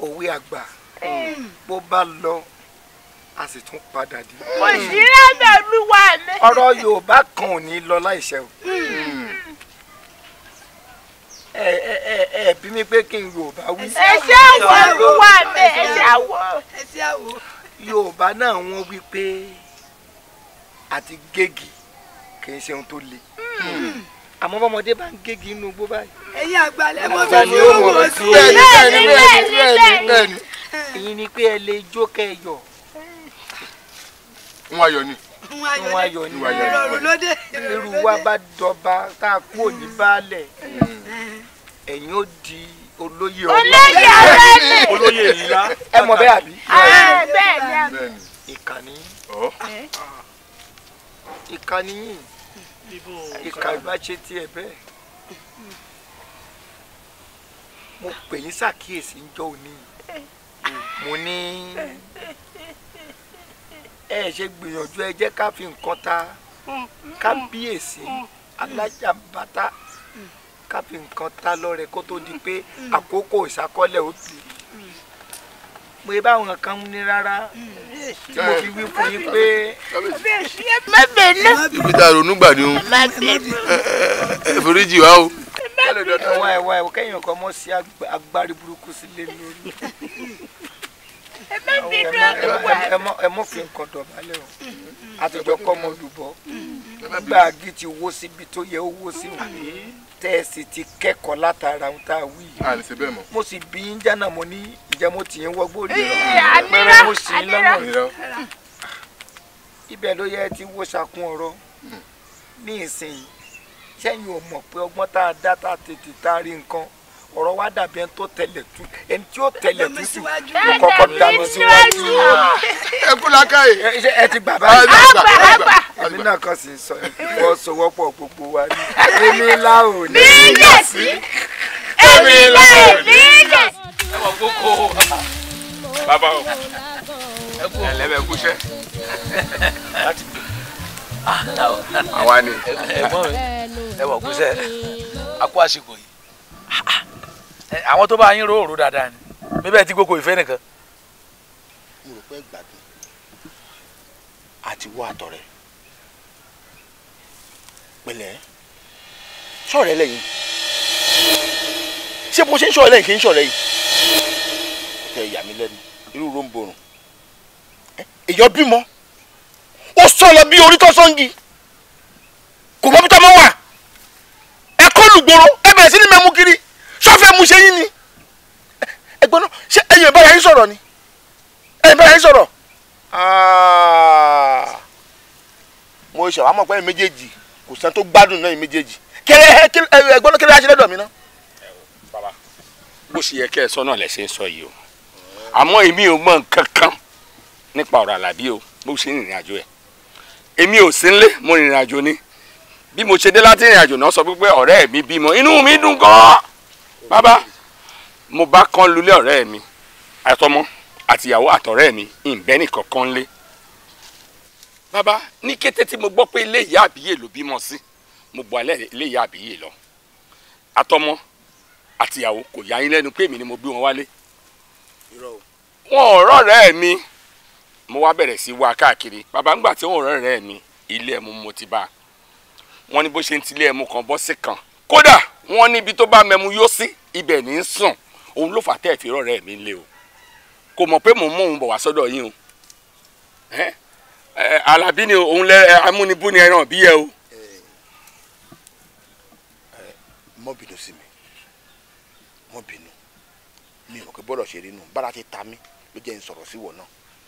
òwe àgbà eh. bó bá lọ a sì tún padà dé. kò sí lábẹ́ olúwa mi. ọ̀rọ̀ yorùbá kan ò ní lọ láìṣẹ o. ẹ ẹ ẹ ẹ bí mi pé kí n yorùbá wí. ẹ ṣe àwọ̀ olúwa mi ẹ ṣe àwọ̀. yorùbá náà wọ́n wí pé àti géègì kì í ṣe ohun tó le. Mm. Mm àmọ́ bọ́mọdé bá ń gégi inú igbó báyìí. ẹ̀yin àgbàlẹ̀ mo fi ní owó sí i. bẹ́ẹ̀ni bẹ́ẹ̀ni bẹ́ẹ̀ni bẹ́ẹ̀ni. èyí ni pé ẹ lè jó kẹyọ. ń wá yọ ni. ń wá yọ ni. ìrọ̀rùn ló irú wa bá dọba tá a kú òní baálẹ̀ ẹ̀yin ó di olóyè ọ̀rẹ́. olóyè ọ̀rẹ́. olóyè ìlà. ẹ mọ̀ bẹ́ẹ̀ àbí. Ah, bẹ́ẹ̀ ni. ìkànnì. ìkànnì yìí ìkà ìbá ṣe tiẹ̀ bẹ́ẹ̀ mo pè yín ṣàkíyèsí ń jọ òní mo ní ẹ ṣe gbìyànjú ẹ jẹ́ ká fi nǹkan ta kábíyèsí alájàmbátá ká fi nǹkan ta lọ́rẹ̀ kó tó di pé àkókò ìṣákọ́lẹ̀ ó bì pé báwọn kan ní rárá mo ti wí fún yín pé. má bẹ̀rẹ̀. ibi tá ronú gbà ni o ẹ foríjì wa o. ẹwà ẹwà ẹwà kẹ́yìn ọkọ mọ sí agbárí burúkú sílé lórí. má bínú ọkọ. ẹ mọ fi nǹkan dọ̀bálẹ̀ o àtijọ́ kọ́ mọ lùbọ́ nígbà ti wó síbi tó yẹ ó wó sí wàá tẹ́ ẹ sì ti kẹ́kọ̀ọ́ látara ohun tá a wí yìí. mo sì bí yín jánà mo ní ìjẹ́ mo tì yín wọgbó rí ọ pẹ́rẹ́ mo sì yín lọ́nà ibẹ̀ ló yẹ ti wo ṣàkun ọ̀rọ̀ ní ìsìn sẹ́yìn ò mọ̀ pé ọgbọ́n tá a dá tá a tètè tá a rí nǹkan ọ̀rọ̀ wa dàbí ẹni tó tẹlẹ̀ tú ẹni tí ó tẹlẹ̀ tútù kọ́kọ́ dá síwájú ẹ kú lákàyè. ẹ ti gbà báyìí. àgbà àgbà. èmi náà kàn sí sọ ìfọwọ́sowọ́pọ̀ gbogbo wa ni èmi la ò ní yẹ sí èmi la ò ní yẹ sí. ẹ wọ kókó bàbá o ẹlẹ́bẹ̀ kúṣẹ́ láti àwa ni ẹ wọ kúṣẹ́ a kú àsìkò yìí àwọn tó bá yín rò ó rò dáadáa ni bíbẹ̀ tí gbogbo ìfẹ́ nìkan. mo rò pé gbàgbé àti wọ àtọ̀rẹ́ pẹ̀lẹ́ ṣọ̀rẹ́ lẹ́yìn ṣé bó ṣe ń ṣọ̀rẹ́ lẹ́yìn kì í ṣọ̀rẹ́ yìí kò tẹ ìyá mi lẹ́nu irú ro ń borùn èèyàn bímọ ó sọ lọ bí orí tó sọ́ǹgì kò mọ́ bí tọ́mọ wà ẹ̀kọ́ lùgbòrò ẹ bẹ̀rẹ̀ sí ní mẹ́mú kiri sọ́fẹ̀ mu ṣe yín ni ẹ̀gbọ́n náà ṣé ẹ̀yin ìbára yín sọ̀rọ̀ ni ẹ̀yin ìbára yín sọ̀rọ̀ Ah. mo ṣàwámọ̀ pé méjèèjì kò sẹ́ni tó gbádùn náà méjèèjì kéré ẹgbọ́n ló kéré aṣẹ́lẹ́dọ̀ mi náà. bàbá bó ṣe yẹ kẹ́ ẹ sọ náà lẹ ṣe ń sọ yìí o àmọ́ èmi ò mọ nǹkan kan nípa ọ̀rọ̀ àlàbí o bó ṣe ń rìnrìn àjò ẹ̀ èmi ò sí nílé mo rìnrìn àjò ni bí mo ṣe dé láti rìnrìn àjò náà sọ pé ọ̀rẹ́ mi bímọ inú mi dùn gan bàbá mo bá kán lulẹ̀ ọ̀rẹ́ mi àtọmọ́ àtìyàwó àtọ̀rẹ́ mi ìbẹ́ nìkan kan lé bàbá ní kété tí mo gbọ́ pé ilé ìyá àbíyè ló bímọ sí mo bọ́ alẹ́ ilé ìyá àbíyè lọ àtọmọ àtìyàwó kò yá yín lẹ́nu pé èmi ni mo bí wọn wálé wọn ò rọ̀rẹ́ mi mo wá bẹ̀rẹ̀ sí wá káàkiri bàbá ńgbà tí wọn ò rọ̀rẹ́ mi ilé ẹ̀mú mo ti bá wọn ní bó ṣe ń tilé ẹ̀mú kan bọ́ sí kan kódà wọn ní ibi tó bá mẹ́mu yó sí ibẹ̀ ní í sùn òun ló fà tẹ́ẹ̀ fi rọ̀rẹ́ mi lé o kò mọ̀ pé mò ń mú òun bọ̀ wá sọ́dọ̀ yín o alábí ni òun lẹ amúnibú ni ẹran bí yẹ o. mọ́ bínú sí mi mọ́ bínú mi ò kí bọ́dọ̀ ṣe rí nù bára ti ta mí ló jẹ́ ń sọ̀rọ̀ sí wọ̀ náà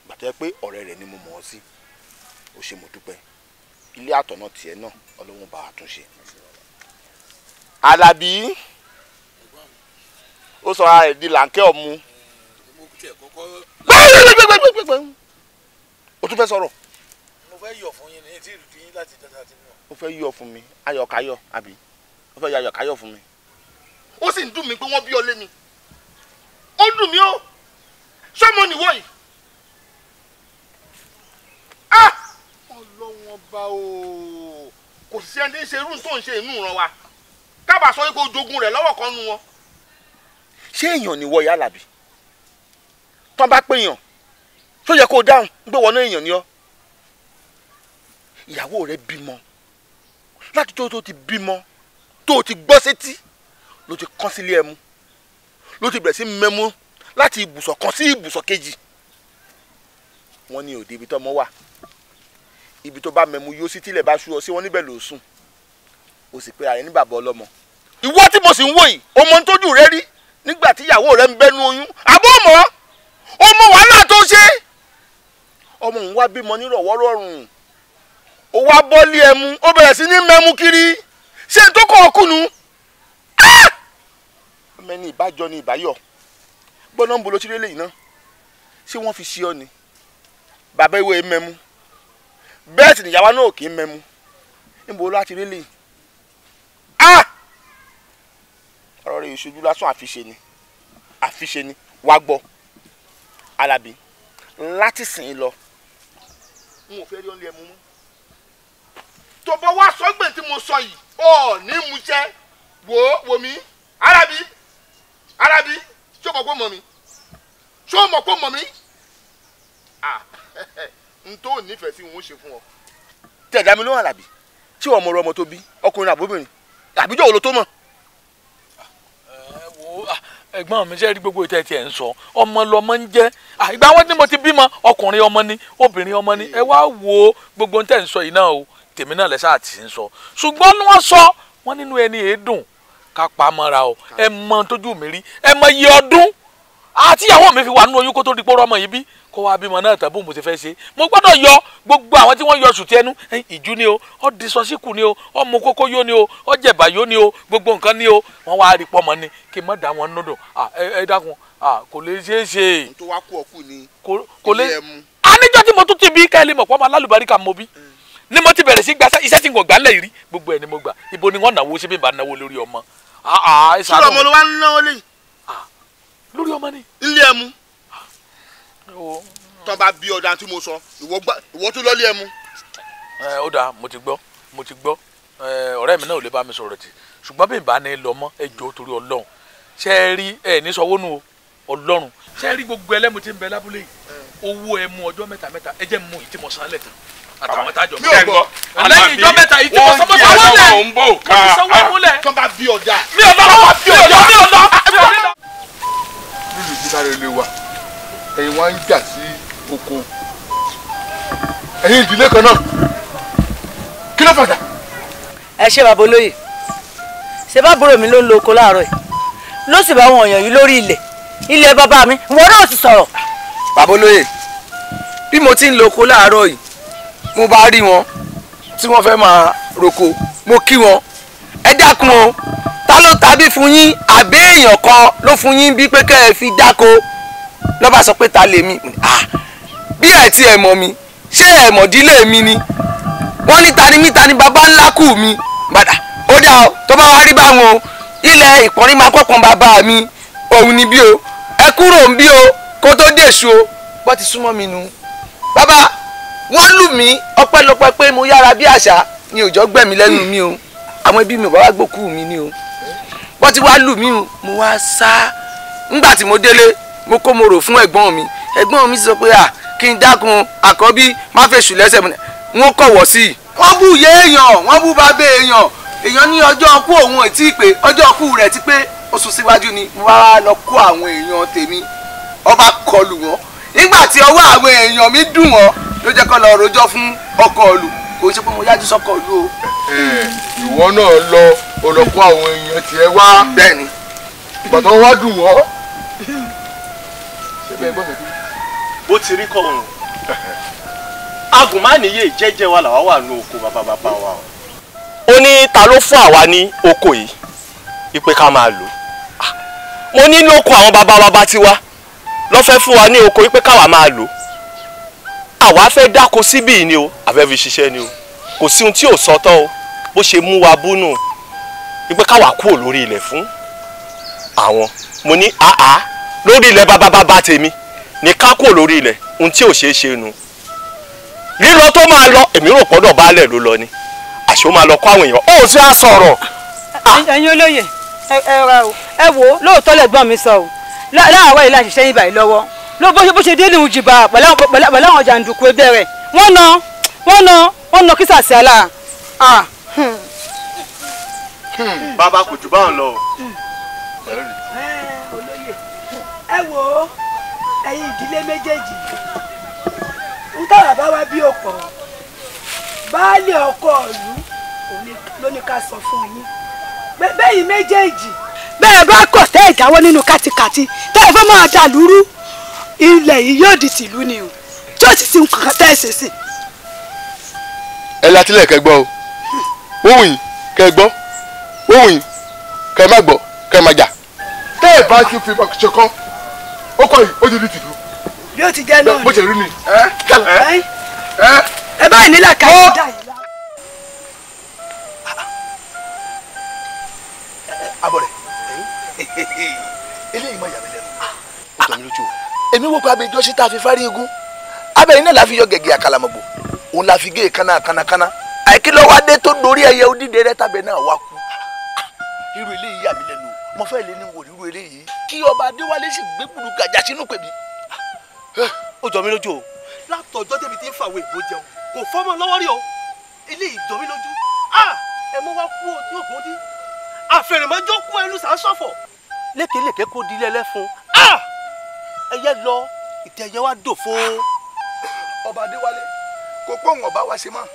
gbàtẹ́ pé ọ̀rẹ́ rẹ̀ ni mo mọ̀ ọ́ sí o ṣe mo dúpẹ́ ilé àtọ̀nà tiẹ̀ náà ọlọ́run bá a tún ṣe. alábí ó sọ ara rẹ̀ di làǹkẹ́ ọ̀mu tiẹ̀ kọ́kọ́. gbẹ́gbẹ́gbẹ́gbẹ́gbẹ́ o tún fẹ́ sọ̀rọ̀. mo fẹ́ yọ̀ fún yín ní etí ìlú yín láti dáadáa ti mọ̀. o fẹ́ yọ̀ fún mi ayọ̀káyọ̀ àbí o fẹ́ yọ ayọ̀káyọ̀ fún mi. ó sì ń dùn mí pé wọ́n bí ọ lé mi ó dùn mí ó sọ́mọ nìwọ yìí. ọlọ́wọ́n bá o kò sí ẹni ṣe irú tó ń ṣe inú ìran wa kábàá sọ pé o jogún rẹ̀ lọ́wọ́ kan nu wọn. ṣé èèyàn ni wọ yálà tán bá péyàn tó yẹ kó dáhùn gbé wọnú èèyàn ni ọ ìyàwó rẹ bímọ láti tó tó ti bímọ tó ti gbọ́ sétí ló ti kán sílé ẹmu ló ti bẹ̀rẹ̀ sí mẹ́mú láti ibùsọ̀ kan sí ibùsọ̀ kejì wọ́n ní òde ibi tó ọmọ wà ibi tó bá mẹ́mú yóò sí tilẹ̀ bá ṣú ọ sí wọn níbẹ̀ ló sùn o sì pé ara ní bàbá ọlọ́mọ ìwọ tí mo sì ń wò yìí ọmọ ń tójú rẹ rí nígbà tí ìyàwó rẹ ń bẹnu oyún àbọ̀ mọ́ ọmọ wàhálà tó ṣe ọmọ òun wá bímọ nírọ̀wọ́ rọrùn ó wá bọ́lí ẹmu ó bẹ̀rẹ̀ sí ní mẹ́mu kiri ṣé n tó kọ́ ọkùnù ọmọ ẹni ìbájọ ni ìbáyọ gbọ́dọ̀ ń bolo sílé lẹ́yìn náà ṣé wọ́n fi ṣe ọ ni bàbá ìwé mẹ́mu bẹ́ẹ̀ sì nìyàwó náà kì í mẹ́mu níbo láti rí ọ̀rọ̀ rẹ̀ ìṣojú lásán àfiṣe ni àfiṣe ni wàá gbọ́. Alábí láti sìn lọ n ò fẹ́ rí ọ́nlẹ̀ mu mọ́ tó bọ́ wá sọ́gbẹ̀ tí mo sọ yìí ọ̀ ní mu jẹ́ wò ó wò mí Alábí Alábí ṣé o mọ̀ pé mọ̀ mi ṣé o mọ̀ pé mọ̀ mi n tó nífẹ̀ẹ́ sí òun ṣe fún ọ. tẹ̀dá mi ló hàn Alábí tí ọmọ rẹ ọmọ tó bí ọkùnrin àbóbìnrin àbíjọ́ wo ló tó mọ̀ ẹ̀gbọ́n mi ṣe rí gbogbo ìtẹ́ tiẹ̀ ń sọ ọmọ lọmọ ń jẹ́ ìgbà wọn ni mo ti bímọ ọkùnrin ọmọ ni obìnrin ọmọ ni ẹ wá wo gbogbo tẹ̀ ń sọ yìí náà o tèmi náà lẹ́sà àti ń sọ ṣùgbọ́n wọ́n sọ wọ́n nínú ẹni èédùn ká pa o ẹ mọ tójú mi rí ẹ mọ iye ọdún àti ìyàwó mi fi wà nínú oyún kó tó di pọ́rọ́ ọmọ yìí bí kó wá bímọ náà tàbí mo ti fẹ́ ṣe mo gbọ́dọ̀ yọ gbogbo àwọn tí wọ́n yọ sùtì ẹnu ìjú ni o ó di ni o ó mu kókó yó ni o ó jẹ̀bà yó ni o gbogbo nǹkan ni o wọ́n wá rí pọ́mọ ni kí n má dá wọn nọ́dọ̀ ẹ dákun kò lè ṣeé ṣe. tó wá kú ọkù ni ilé ẹ mu. aníjọ́ tí mo tún ti bí káyọ̀lẹ́ mọ̀ pọ́nmọ alálùbáríkà mo bí mm. ni mo ti bẹ̀rẹ̀ sí gbàṣẹ́ iṣẹ́ tí n kò gbà ńlẹ̀ yìí gbogbo ẹ̀ ni mo gbà ibo ni wọ́n náwó ṣé bí n bá náwó lórí ọmọ. sọ̀rọ̀ mo ló wá náwó lẹ́yìn lórí ọmọ ni. ilé ẹ mu tọ́ba bí ọ̀dà tí mo sọ ìwọ tó lọ́lé ẹ mu. ẹ ó dáa mo ti gbọ́ mo ti gbọ́ ọ̀rẹ́ mi náà ò lè bá mi sọ̀rọ̀ tì ṣùgbọ́n bí n bá ní lọ mọ́ ẹ jọ̀ọ́ torí ọlọ́run ṣe é rí ẹ ní sọwọ́ nù ọlọ́run ṣe é rí gbogbo ẹlẹ́mu tí ń bẹ lábúlé yìí owó ẹ mu ọjọ́ mẹ́ta mẹ́ta ẹ jẹ́ mu yìí tí mo san lẹ̀ tán àtàwọn tájọ mi. mi ò gbọ́ lẹ́yìn ìjọ mẹ́ta yìí tí mo sanwó sanwó lẹ̀ mo ti sanwó múlẹ̀. tọ́ba bí ọjà sáré ilé wa ẹ̀yin wá ń jà sí oko ẹ̀yin ìdílé kan náà kí ló fàdà. ẹ ṣe bàbá olóyè ṣe bá búrò mi ló ń lo oko láàárọ̀ yìí ló sì bá wọn èèyàn yìí lórí ilẹ̀ ilẹ̀ bàbá mi wọn náà ti sọ̀rọ̀. bàbá olóyè bí mo ti ń lo oko láàárọ̀ yìí mo bá rí wọn tí wọ́n fẹ́ máa roko mo kí wọn ẹ dákun o ta ló tabí fún yín àbí èèyàn kan ló fún yín bí pé kẹ́ ẹ fi dáko ló sọ pé ta lèmi ah bí ẹ ti ẹ mọ̀ mi ṣé ẹ mọ̀ dílé mi ni wọ́n ní tani mí tani bàbá ńlá kù mi bàdà ó dá o tó bá wá rí báwọn o ilẹ̀ ìkọrin máa kọ̀kan bàbá mi òun ni bí o ẹ kúrò ń bí o kó tó dèṣù o bọ́ ti súnmọ́ mi nu bàbá wọ́n lù mí ọpẹ́lọpẹ́ pé mo yára bí àṣà ni òjò gbẹ̀mí lẹ́nu mi o àwọn ẹbí mi ò bá wá gbókù mi ni o wọ́n ti wá lù mí o mo wá sá ńgbà tí mo délé mo kó mo rò fún ẹ̀gbọ́n mi ẹ̀gbọ́n mi sọ pé à kí n dákun àkọ́bí má fèsù lẹ́sẹ̀ mi wọ́n kọ̀wọ̀ sí i. wọ́n bú ìyá èèyàn wọ́n bú bàbá èèyàn èèyàn ní ọjọ́ ọkú òun ẹ̀ tí ì pé ọjọ́ ọkú rẹ̀ ti pé oṣù síwájú ni mo wá lọ kó àwọn èèyàn tèmi ọba kọlù wọn nígbà tí ọwọ́ àwọn èèyàn mi dùn wọ́n ló jẹ́ kó lọ rojọ́ fún ọkọ̀ ọ̀lù kò ń ṣe pé mo yájú sọ́kọ̀ ọ̀lù o. ìwọ náà lọ olùkọ́ àwọn èèyàn tiẹ̀ wá. bẹ́ẹ̀ni. bàtà wọn wá dùn wọ́. ṣé bẹ́ẹ̀ gbọ́dọ̀ bí. bó ti rí kọ́ òun agùnmánìyè jẹ́jẹ́ wa làwa wà nù oko bàbá wa o. ó ní ta ló fún àwa ní oko yìí ipe ká máa lò ah, mo ní lóko àwọn bàbá bàbá tiwa lọ́ fẹ́ fún wa ní oko ipe káwa máa lò àwa fẹ́ dáko síbí ni o àfẹ́ fi ṣiṣẹ́ ni o kò sí ohun tí ò sọ tán o bó ṣe mú wa búnú wípé káwa kúrò lórí ilẹ̀ fún àwọn mo ní àá lórí ilẹ̀ bábábábá tèmi ní ká kúrò lórí ilẹ̀ ohun tí ò ṣeé ṣe nu lílọ tó máa lọ èmi rò pọ́dọ̀ baálẹ̀ ló lọ ni àṣé ó máa lọ kó àwọn èèyàn ó sì á sọ̀rọ̀. Ah. ẹ̀yin olóye ẹ wo lóòótọ́ lẹ́gbọ́n mi sọ o láàárọ̀ yìí láti ṣẹ́yìn báyìí lọ́wọ́ ló bó ṣe dé lòun jìbà pẹ̀lú àwọn jàǹdùkú ẹgbẹ́ rẹ̀ wọ́n na wọ́n na wọ́n na kí sàṣẹ́ àlà bàbá kò jù báwọn lọ o. olóyè ẹ wo ẹ̀yin ìdílé méjèèjì ń tàrà bá wá bí ọkọ baálé ọkọ ìlú ló ní ká sọ fún yín bẹ́ẹ̀ méjèèjì bẹ́ẹ̀ bá kọ̀ tẹ́ ìdáwọ́ nínú kátikàti tẹ́ ẹ fẹ́ máa dà lúrú ilẹ̀ yìí yóò di tìlú ni o tí ó sì sin kankan tẹ́ ẹ ṣe sí. ẹ latilẹ̀ kẹgbọ́ o wọ́n wù yín kẹgbọ́ ohun yìí kẹ má gbọ́ kẹ má jà. tẹ́ ẹ bá ṣe fi ṣe kán ó kọ́ yìí ó ti rí tìlú. bí ó ti jẹ́ náà bó ṣe rí ni. ẹ báyìí nílà káyọ̀ dá yìí. abọ̀rẹ̀ eléyìí máa yà mí lẹ́nu ó jọ mí lójú o. èmi wò pé abẹ́jọ́ sí tá a fi fárí igun abẹ́yìn náà la fi yọ gẹ̀gẹ̀ àkàlàmọ̀gbò òun la fi gé e kánákánákáná àìkí lọ́wọ́ adé tó dorí ẹyẹ odídẹrẹ́ tàbẹ̀ náà wá kú irú eléyìí yà mí lẹ́nu mo fẹ́ lé ní wò irú eléyìí kí ọba adéwálé sì gbé gbùdù gàjà sínú pèmí. ó jọ mí lójú o. látọjọ́ tèmi ti ń fàwọn èèbó jẹun kò fọmọ lọ́wọ́ rí o eléyìí jọ mí lójú ẹ mọ wá kú o tí ògùn dín àfẹrẹmọjọ kú ẹnu sàásọfọ. lékelèké kó di ilé ẹyẹ lọ ìtẹ̀yẹ wá dòfo. ọba adéwálé kò pọ̀ ń ọba wa ṣe mọ́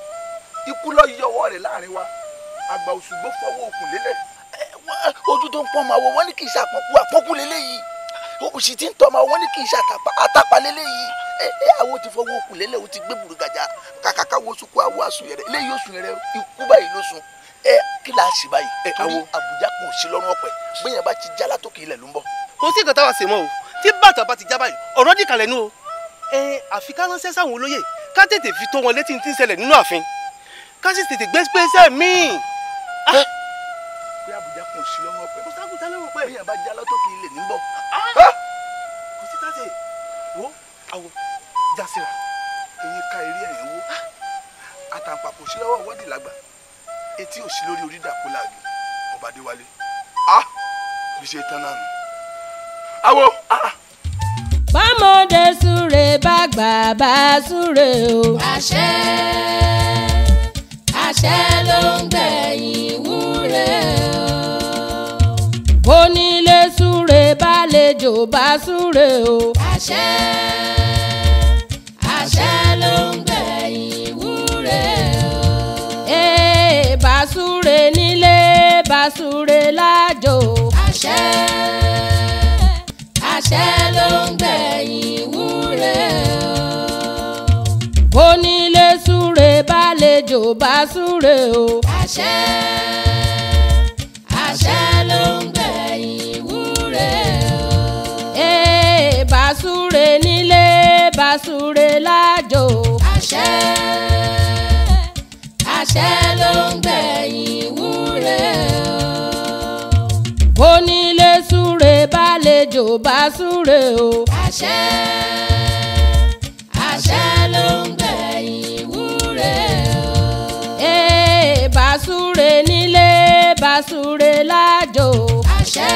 ikú lọ́ọ́ yọwọ́ rẹ̀ láàrin wa àgbà òṣùgbó fọwọ́ òkun lélẹ̀ ojú tó ń pọ́n ọmọ àwọ̀ wọ́n ní kì í ṣe àpọ̀kú àpọ̀kú lélẹ́yìí òsì tí ń tọ́ ọmọ wọ́n ní kì í ṣe àtàpá lélẹ́yìí ẹ ẹ àwọn ti fọwọ́ okùn lélẹ̀ o ti gbé burúkàjà kàkàkà wo sunkún àwọ̀ asùn yẹrẹ eléyìí osùn yẹrẹ ikú báyìí ló sun ẹ kí la ṣì báyìí torí àbújá kò sí lọ́rùn ọ̀pẹ gbẹ̀yìn bá ti já látòkè ilẹ̀ ló ń bọ̀. kò sí nǹkan táwa ṣe mọ́ o tí bàtà bá ti já báyìí ọ̀rọ̀ dì kalẹ̀ nù o ẹ àfi ká ránṣẹ́ sáwọn olóyè ká tètè fi tó wọn létí tí ń ṣẹlẹ̀ nínú ààfin ká sì tètè gbé pẹ́sẹ́ míì sí lọ́mọ ọ̀pẹ. kò sáà kò sálẹ̀ bí yàrá bá já kì í lè ní bọ̀. Ah! kò tàṣe wo àwọ̀ jásira èyí ká eré ẹ̀yìn wo ah! àtàǹpà kò lọ́wọ́ ìwọ́dì làgbà etí ò lórí orídà kó láàgì ọba adéwálé ah! bí ṣe tán náà nù. àwọ̀ bámọ̀dé súre bá gbà bá súre o. àṣẹ àṣẹ ló ń gbẹ̀yìn wúre o. bójò bá súre o. àṣẹ àṣẹ ló ń gbẹ̀yìn wúre o. ee bá súre nílé bá súre lájò. àṣẹ àṣẹ ló ń gbẹ̀yìn wúre o. onílé súre bálejò bá súre o. àṣẹ àṣẹ ló ń. bá súre lájò. àṣẹ àṣẹ ló ń gbẹ̀yìn wúre o. onílé súre bálejò bá súre o. àṣẹ àṣẹ ló ń gbẹ̀yìn wúre o. ee bá súre nílé bá súre lájò. àṣẹ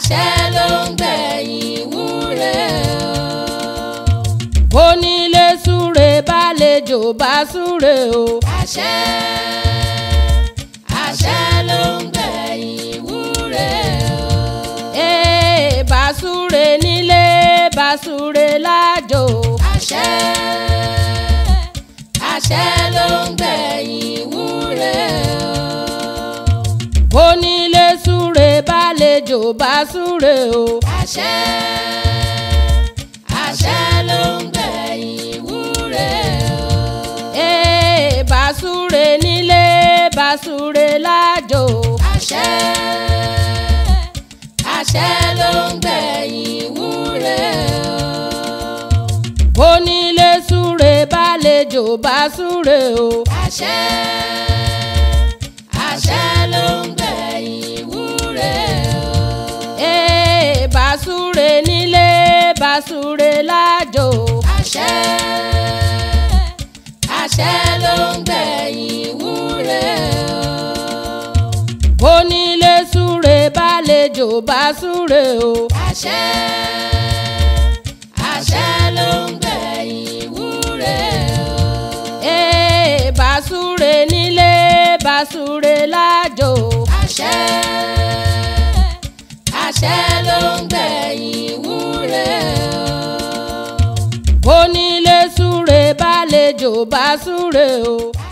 àṣẹ ló ń gbẹ̀yìn wúre o. onílé súre bálejò bá súre o. àṣẹ àṣẹ ló ń gbẹ̀yìn wúre o. ee bá súre nílé bá súre lájò. àṣẹ àṣẹ ló ń gbẹ̀yìn wúre o. onílé súre bálejò bá súre o. àṣẹ àṣẹ ló ń gbẹ̀yìn wúre o. ee bá súre nílé bá súre lájò. àṣẹ àṣẹ ló ń gbẹ̀yìn wúre o. onílé súre bálejò bá súre o. àṣẹ àṣẹ ló ń gbẹ̀yìn bá súre lájò. àṣẹ àṣẹ ló ń gbẹ̀yìn wúre o. onílé súre bálejò bá súre o. àṣẹ àṣẹ ló ń gbẹ̀yìn wúre o. ee bá súre nílé bá súre lájò. àṣẹ àṣẹ ló ń gbẹ̀yìn wúre o. onílé súre bálejò bá súre o.